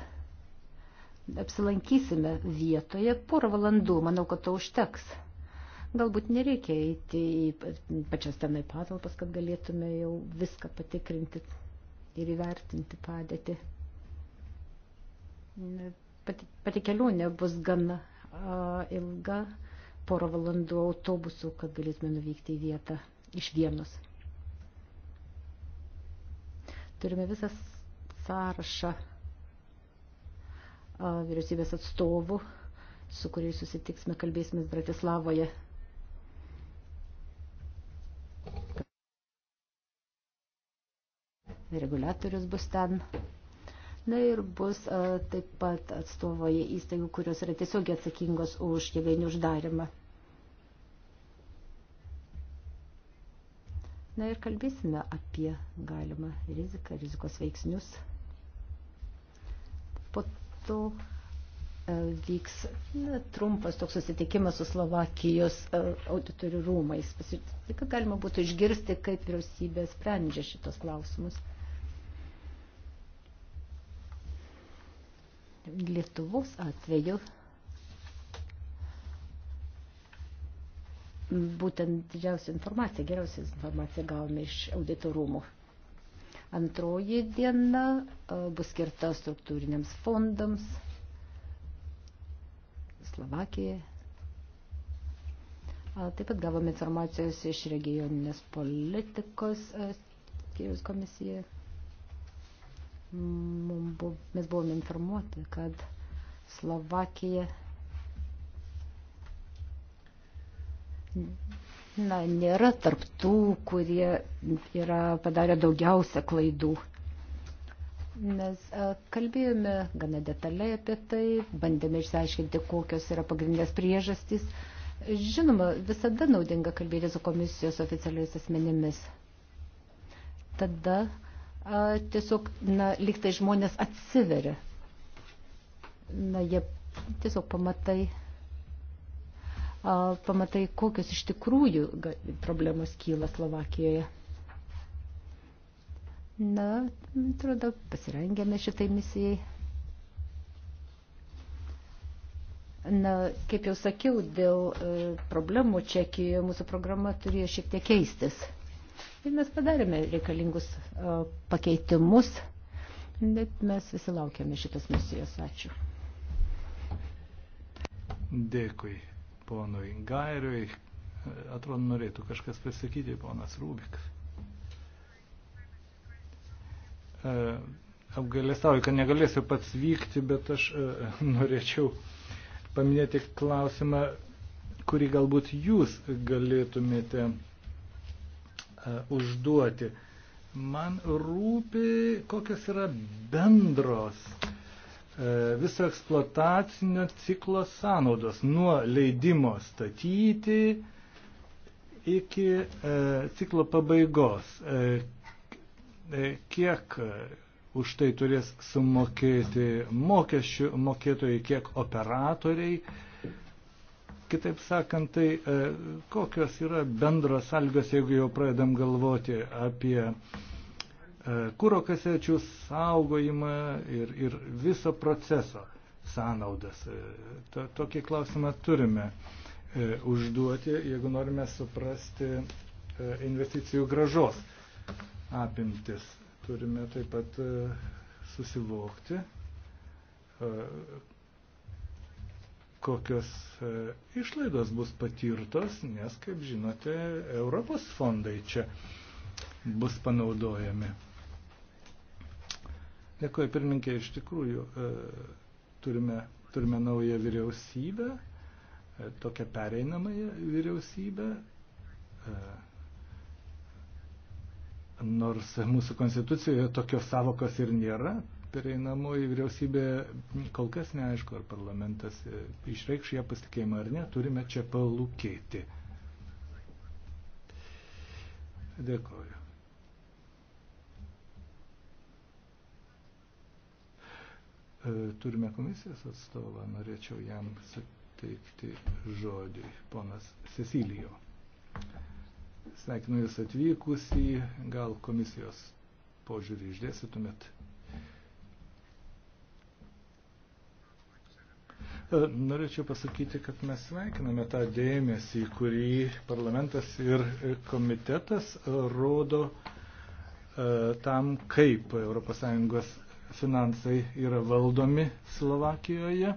apsilankysime vietoje porą valandų. Manau, kad to užteks. Galbūt nereikia eiti į pačias tenai patalpas, kad galėtume jau viską patikrinti ir įvertinti padėtį. Pati, pati kelionė bus gana ilga, porą valandų autobusu, kad galėtume nuvykti į vietą iš Vienos. Turime visą sąrašą vyriausybės atstovų, su kuriais susitiksime, kalbėsime Bratislavoje. Reguliatorius bus ten. Na ir bus e, taip pat atstovoje įstaigų, kurios yra tiesiog atsakingos už jėgainių uždarimą. Na ir kalbėsime apie galimą riziką, rizikos veiksnius. Po to e, vyks na, trumpas toks susitikimas su Slovakijos e, auditorių rūmais. Kad galima būtų išgirsti, kaip vyriausybė sprendžia šitos klausimus. Lietuvos atveju būtent didžiausia informacija, geriausia informacija gavome iš auditorumų. Antroji diena e, bus skirta struktūriniams fondams Slovakijoje. Taip pat gavome informacijos iš regioninės politikos e, skiriaus komisijoje mes buvome informuoti, kad Slovakija na, nėra tarptų, kurie yra padarę daugiausia klaidų. Mes kalbėjome gana detaliai apie tai, bandėme išsiaiškinti, kokios yra pagrindinės priežastys. Žinoma, visada naudinga kalbėti su komisijos oficialiais asmenimis. Tada tiesiog, na, liktai žmonės atsiveria. Na, jie tiesiog pamatai, a, pamatai, kokios iš tikrųjų problemos kyla Slovakijoje. Na, atrodo, pasirengėme šitai misijai. Na, kaip jau sakiau, dėl e, problemų Čekijoje mūsų programa turėjo šiek tiek keistis. Ir tai mes padarėme reikalingus e, pakeitimus, bet mes visi laukiame šitas misijos. Ačiū. Dėkui ponui Gairiui. Atrodo, norėtų kažkas pasakyti, ponas Rūbikas. E, apgailestauju, kad negalėsiu pats vykti, bet aš e, norėčiau paminėti klausimą, kurį galbūt jūs galėtumėte E, užduoti. Man rūpi, kokios yra bendros e, viso eksploatacinio ciklo sąnaudos nuo leidimo statyti iki e, ciklo pabaigos. Kiek už tai turės sumokėti mokesčių mokėtojai, kiek operatoriai, Kitaip sakant, tai e, kokios yra bendros sąlygos, jeigu jau pradedam galvoti apie e, kūro kasečių saugojimą ir, ir viso proceso sąnaudas. E, tokį klausimą turime užduoti, jeigu norime suprasti investicijų gražos apimtis. Turime taip pat susivokti, kokios e, išlaidos bus patirtos, nes, kaip žinote, Europos fondai čia bus panaudojami. Dėkuoju, pirminkė, iš tikrųjų e, turime, turime naują vyriausybę, e, tokią pereinamąją vyriausybę. Nors mūsų konstitucijoje tokios savokos ir nėra, pereinamoji vyriausybė kol kas neaišku, ar parlamentas e, išreikš ją pasitikėjimą ar ne, turime čia palūkėti. Dėkoju. E, turime komisijos atstovą, norėčiau jam suteikti žodį, ponas Cecilijo. Sveikinu Jūs atvykusį, gal komisijos požiūrį išdėsitumėt. E, norėčiau pasakyti, kad mes sveikiname tą dėmesį, kurį parlamentas ir komitetas rodo e, tam, kaip ES finansai yra valdomi Slovakijoje.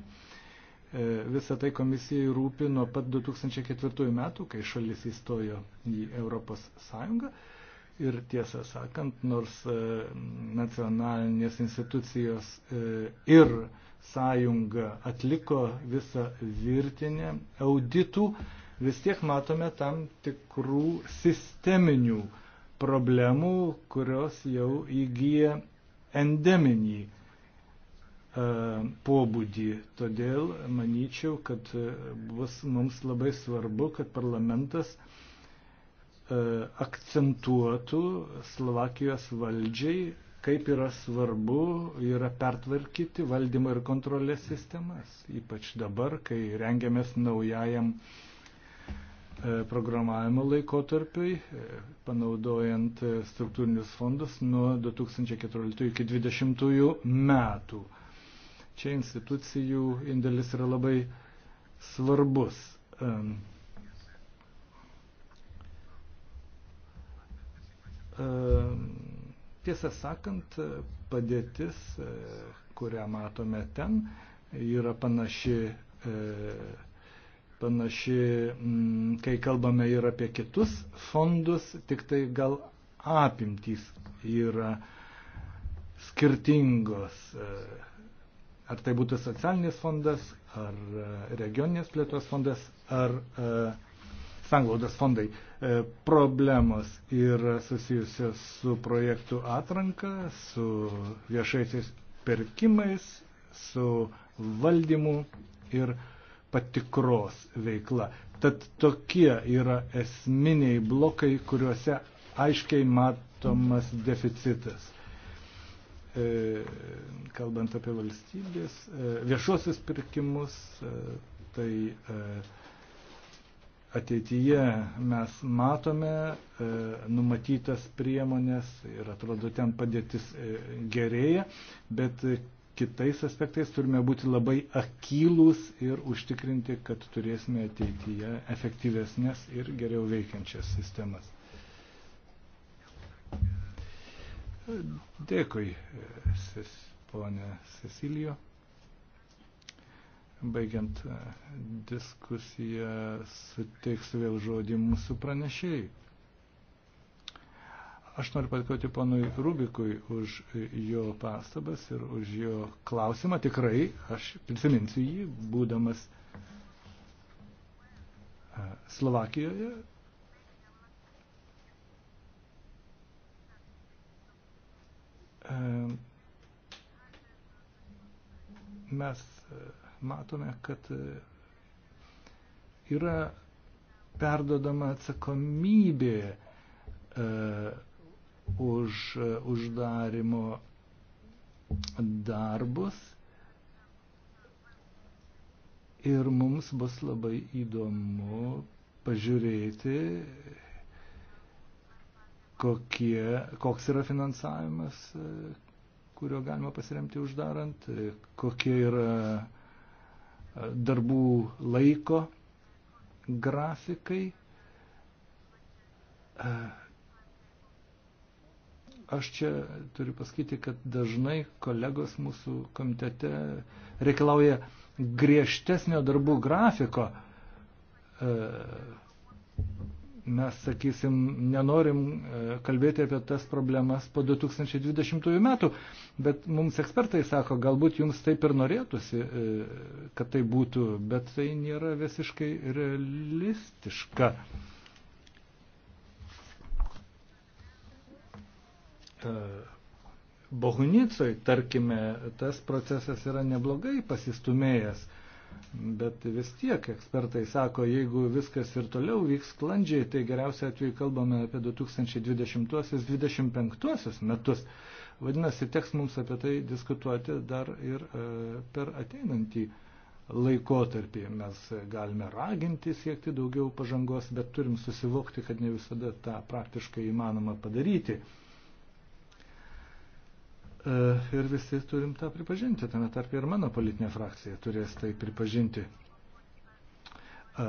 E, Visą tai komisijai rūpi nuo pat 2004 metų, kai šalis įstojo į ES. Ir tiesą sakant, nors nacionalinės institucijos ir sąjunga atliko visą virtinę auditų, vis tiek matome tam tikrų sisteminių problemų, kurios jau įgyja endeminį e, pobūdį. Todėl manyčiau, kad bus mums labai svarbu, kad parlamentas e, akcentuotų Slovakijos valdžiai kaip yra svarbu yra pertvarkyti valdymo ir kontrolės sistemas, ypač dabar, kai rengiamės naujajam e, programavimo laikotarpiui, e, panaudojant e, struktūrinius fondus nuo 2014 iki 2020 metų. Čia institucijų indėlis yra labai svarbus. Um, um, Tiesą sakant, padėtis, e, kurią matome ten, yra panaši, e, panaši, mm, kai kalbame ir apie kitus fondus, tik tai gal apimtys yra skirtingos. E, ar tai būtų socialinis fondas, ar regioninės plėtos fondas, ar uh, sanglaudos fondai e, problemos yra susijusios su projektų atranka, su viešaisiais pirkimais, su valdymu ir patikros veikla. Tad tokie yra esminiai blokai, kuriuose aiškiai matomas deficitas. E, kalbant apie valstybės, e, viešuosius pirkimus, tai ateityje mes matome e, numatytas priemonės ir atrodo ten padėtis e, gerėja, bet kitais aspektais turime būti labai akylus ir užtikrinti, kad turėsime ateityje efektyvesnės ir geriau veikiančias sistemas. Dėkui, e, ponė Cecilijo. Baigiant e, diskusiją, suteiksiu vėl žodį mūsų pranešėjai. Aš noriu padėkoti ponui Rubikui už jo pastabas ir už jo klausimą. Tikrai, aš prisiminsiu jį, būdamas e, Slovakijoje. E, mes matome, kad e, yra perdodama atsakomybė e, už e, uždarimo darbus ir mums bus labai įdomu pažiūrėti, kokie, koks yra finansavimas, kurio galima pasiremti uždarant, kokie yra darbų laiko grafikai. Aš čia turiu pasakyti, kad dažnai kolegos mūsų komitete reikalauja griežtesnio darbų grafiko, mes, sakysim, nenorim e, kalbėti apie tas problemas po 2020 metų, bet mums ekspertai sako, galbūt jums taip ir norėtųsi, e, kad tai būtų, bet tai nėra visiškai realistiška. E, Bohunicoj, tarkime, tas procesas yra neblogai pasistumėjęs Bet vis tiek ekspertai sako, jeigu viskas ir toliau vyks sklandžiai, tai geriausia atveju kalbame apie 2020-2025 metus. Vadinasi, teks mums apie tai diskutuoti dar ir e, per ateinantį laikotarpį. Mes galime raginti siekti daugiau pažangos, bet turim susivokti, kad ne visada tą praktiškai įmanoma padaryti. E, ir visi turim tą pripažinti, tame tarp ir mano politinė frakcija turės tai pripažinti. E,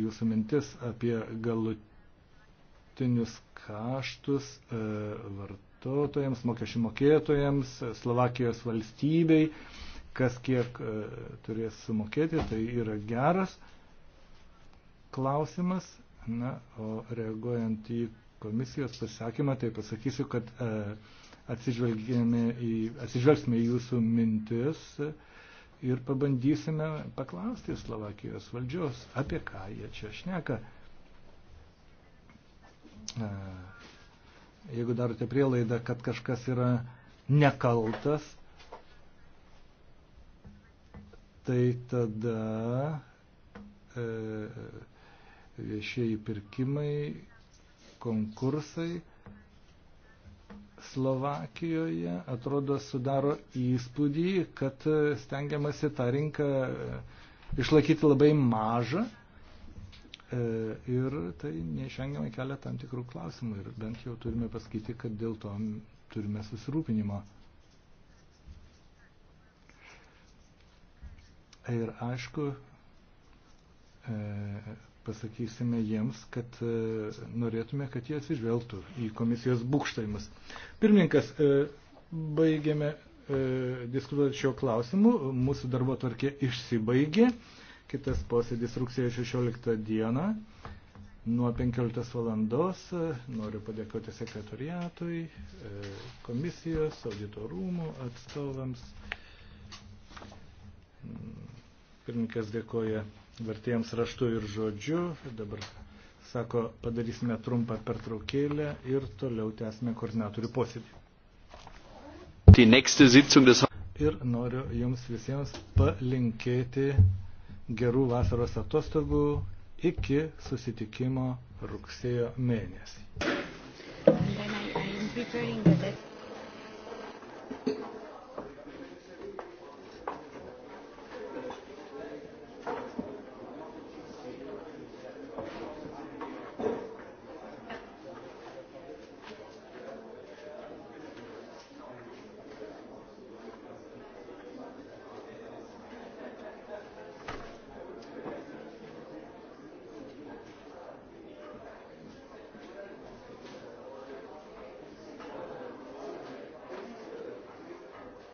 jūsų mintis apie galutinius kaštus e, vartotojams, mokesčių mokėtojams, Slovakijos valstybei, kas kiek turės sumokėti, tai yra geras klausimas. Na, o reaguojant į komisijos pasakymą, tai pasakysiu, kad e, į, atsižvelgsime į jūsų mintis ir pabandysime paklausti Slovakijos valdžios, apie ką jie čia šneka. Jeigu darote prielaidą, kad kažkas yra nekaltas, tai tada e, viešieji pirkimai, konkursai, Slovakijoje atrodo sudaro įspūdį, kad stengiamasi tą rinką e, išlaikyti labai mažą e, ir tai neišvengiamai kelia tam tikrų klausimų ir bent jau turime pasakyti, kad dėl to turime susirūpinimo. Ir aišku, e, pasakysime jiems, kad norėtume, kad jie atsižvelgtų į komisijos būkštaimus. Pirmininkas, e, baigėme e, diskutuoti šio klausimu. Mūsų darbo tvarkė išsibaigė. Kitas posėdis rugsėjo 16 dieną nuo 15 valandos. E, noriu padėkoti sekretoriatui, komisijos, auditorumų atstovams. Mm, pirmininkas dėkoja vertėjams raštu ir žodžiu. Dabar Sako, padarysime trumpą pertraukėlę ir toliau tęsime koordinatorių posėdį. Ir noriu jums visiems palinkėti gerų vasaros atostogų iki susitikimo rugsėjo mėnesį. And then I, I am preparing the death.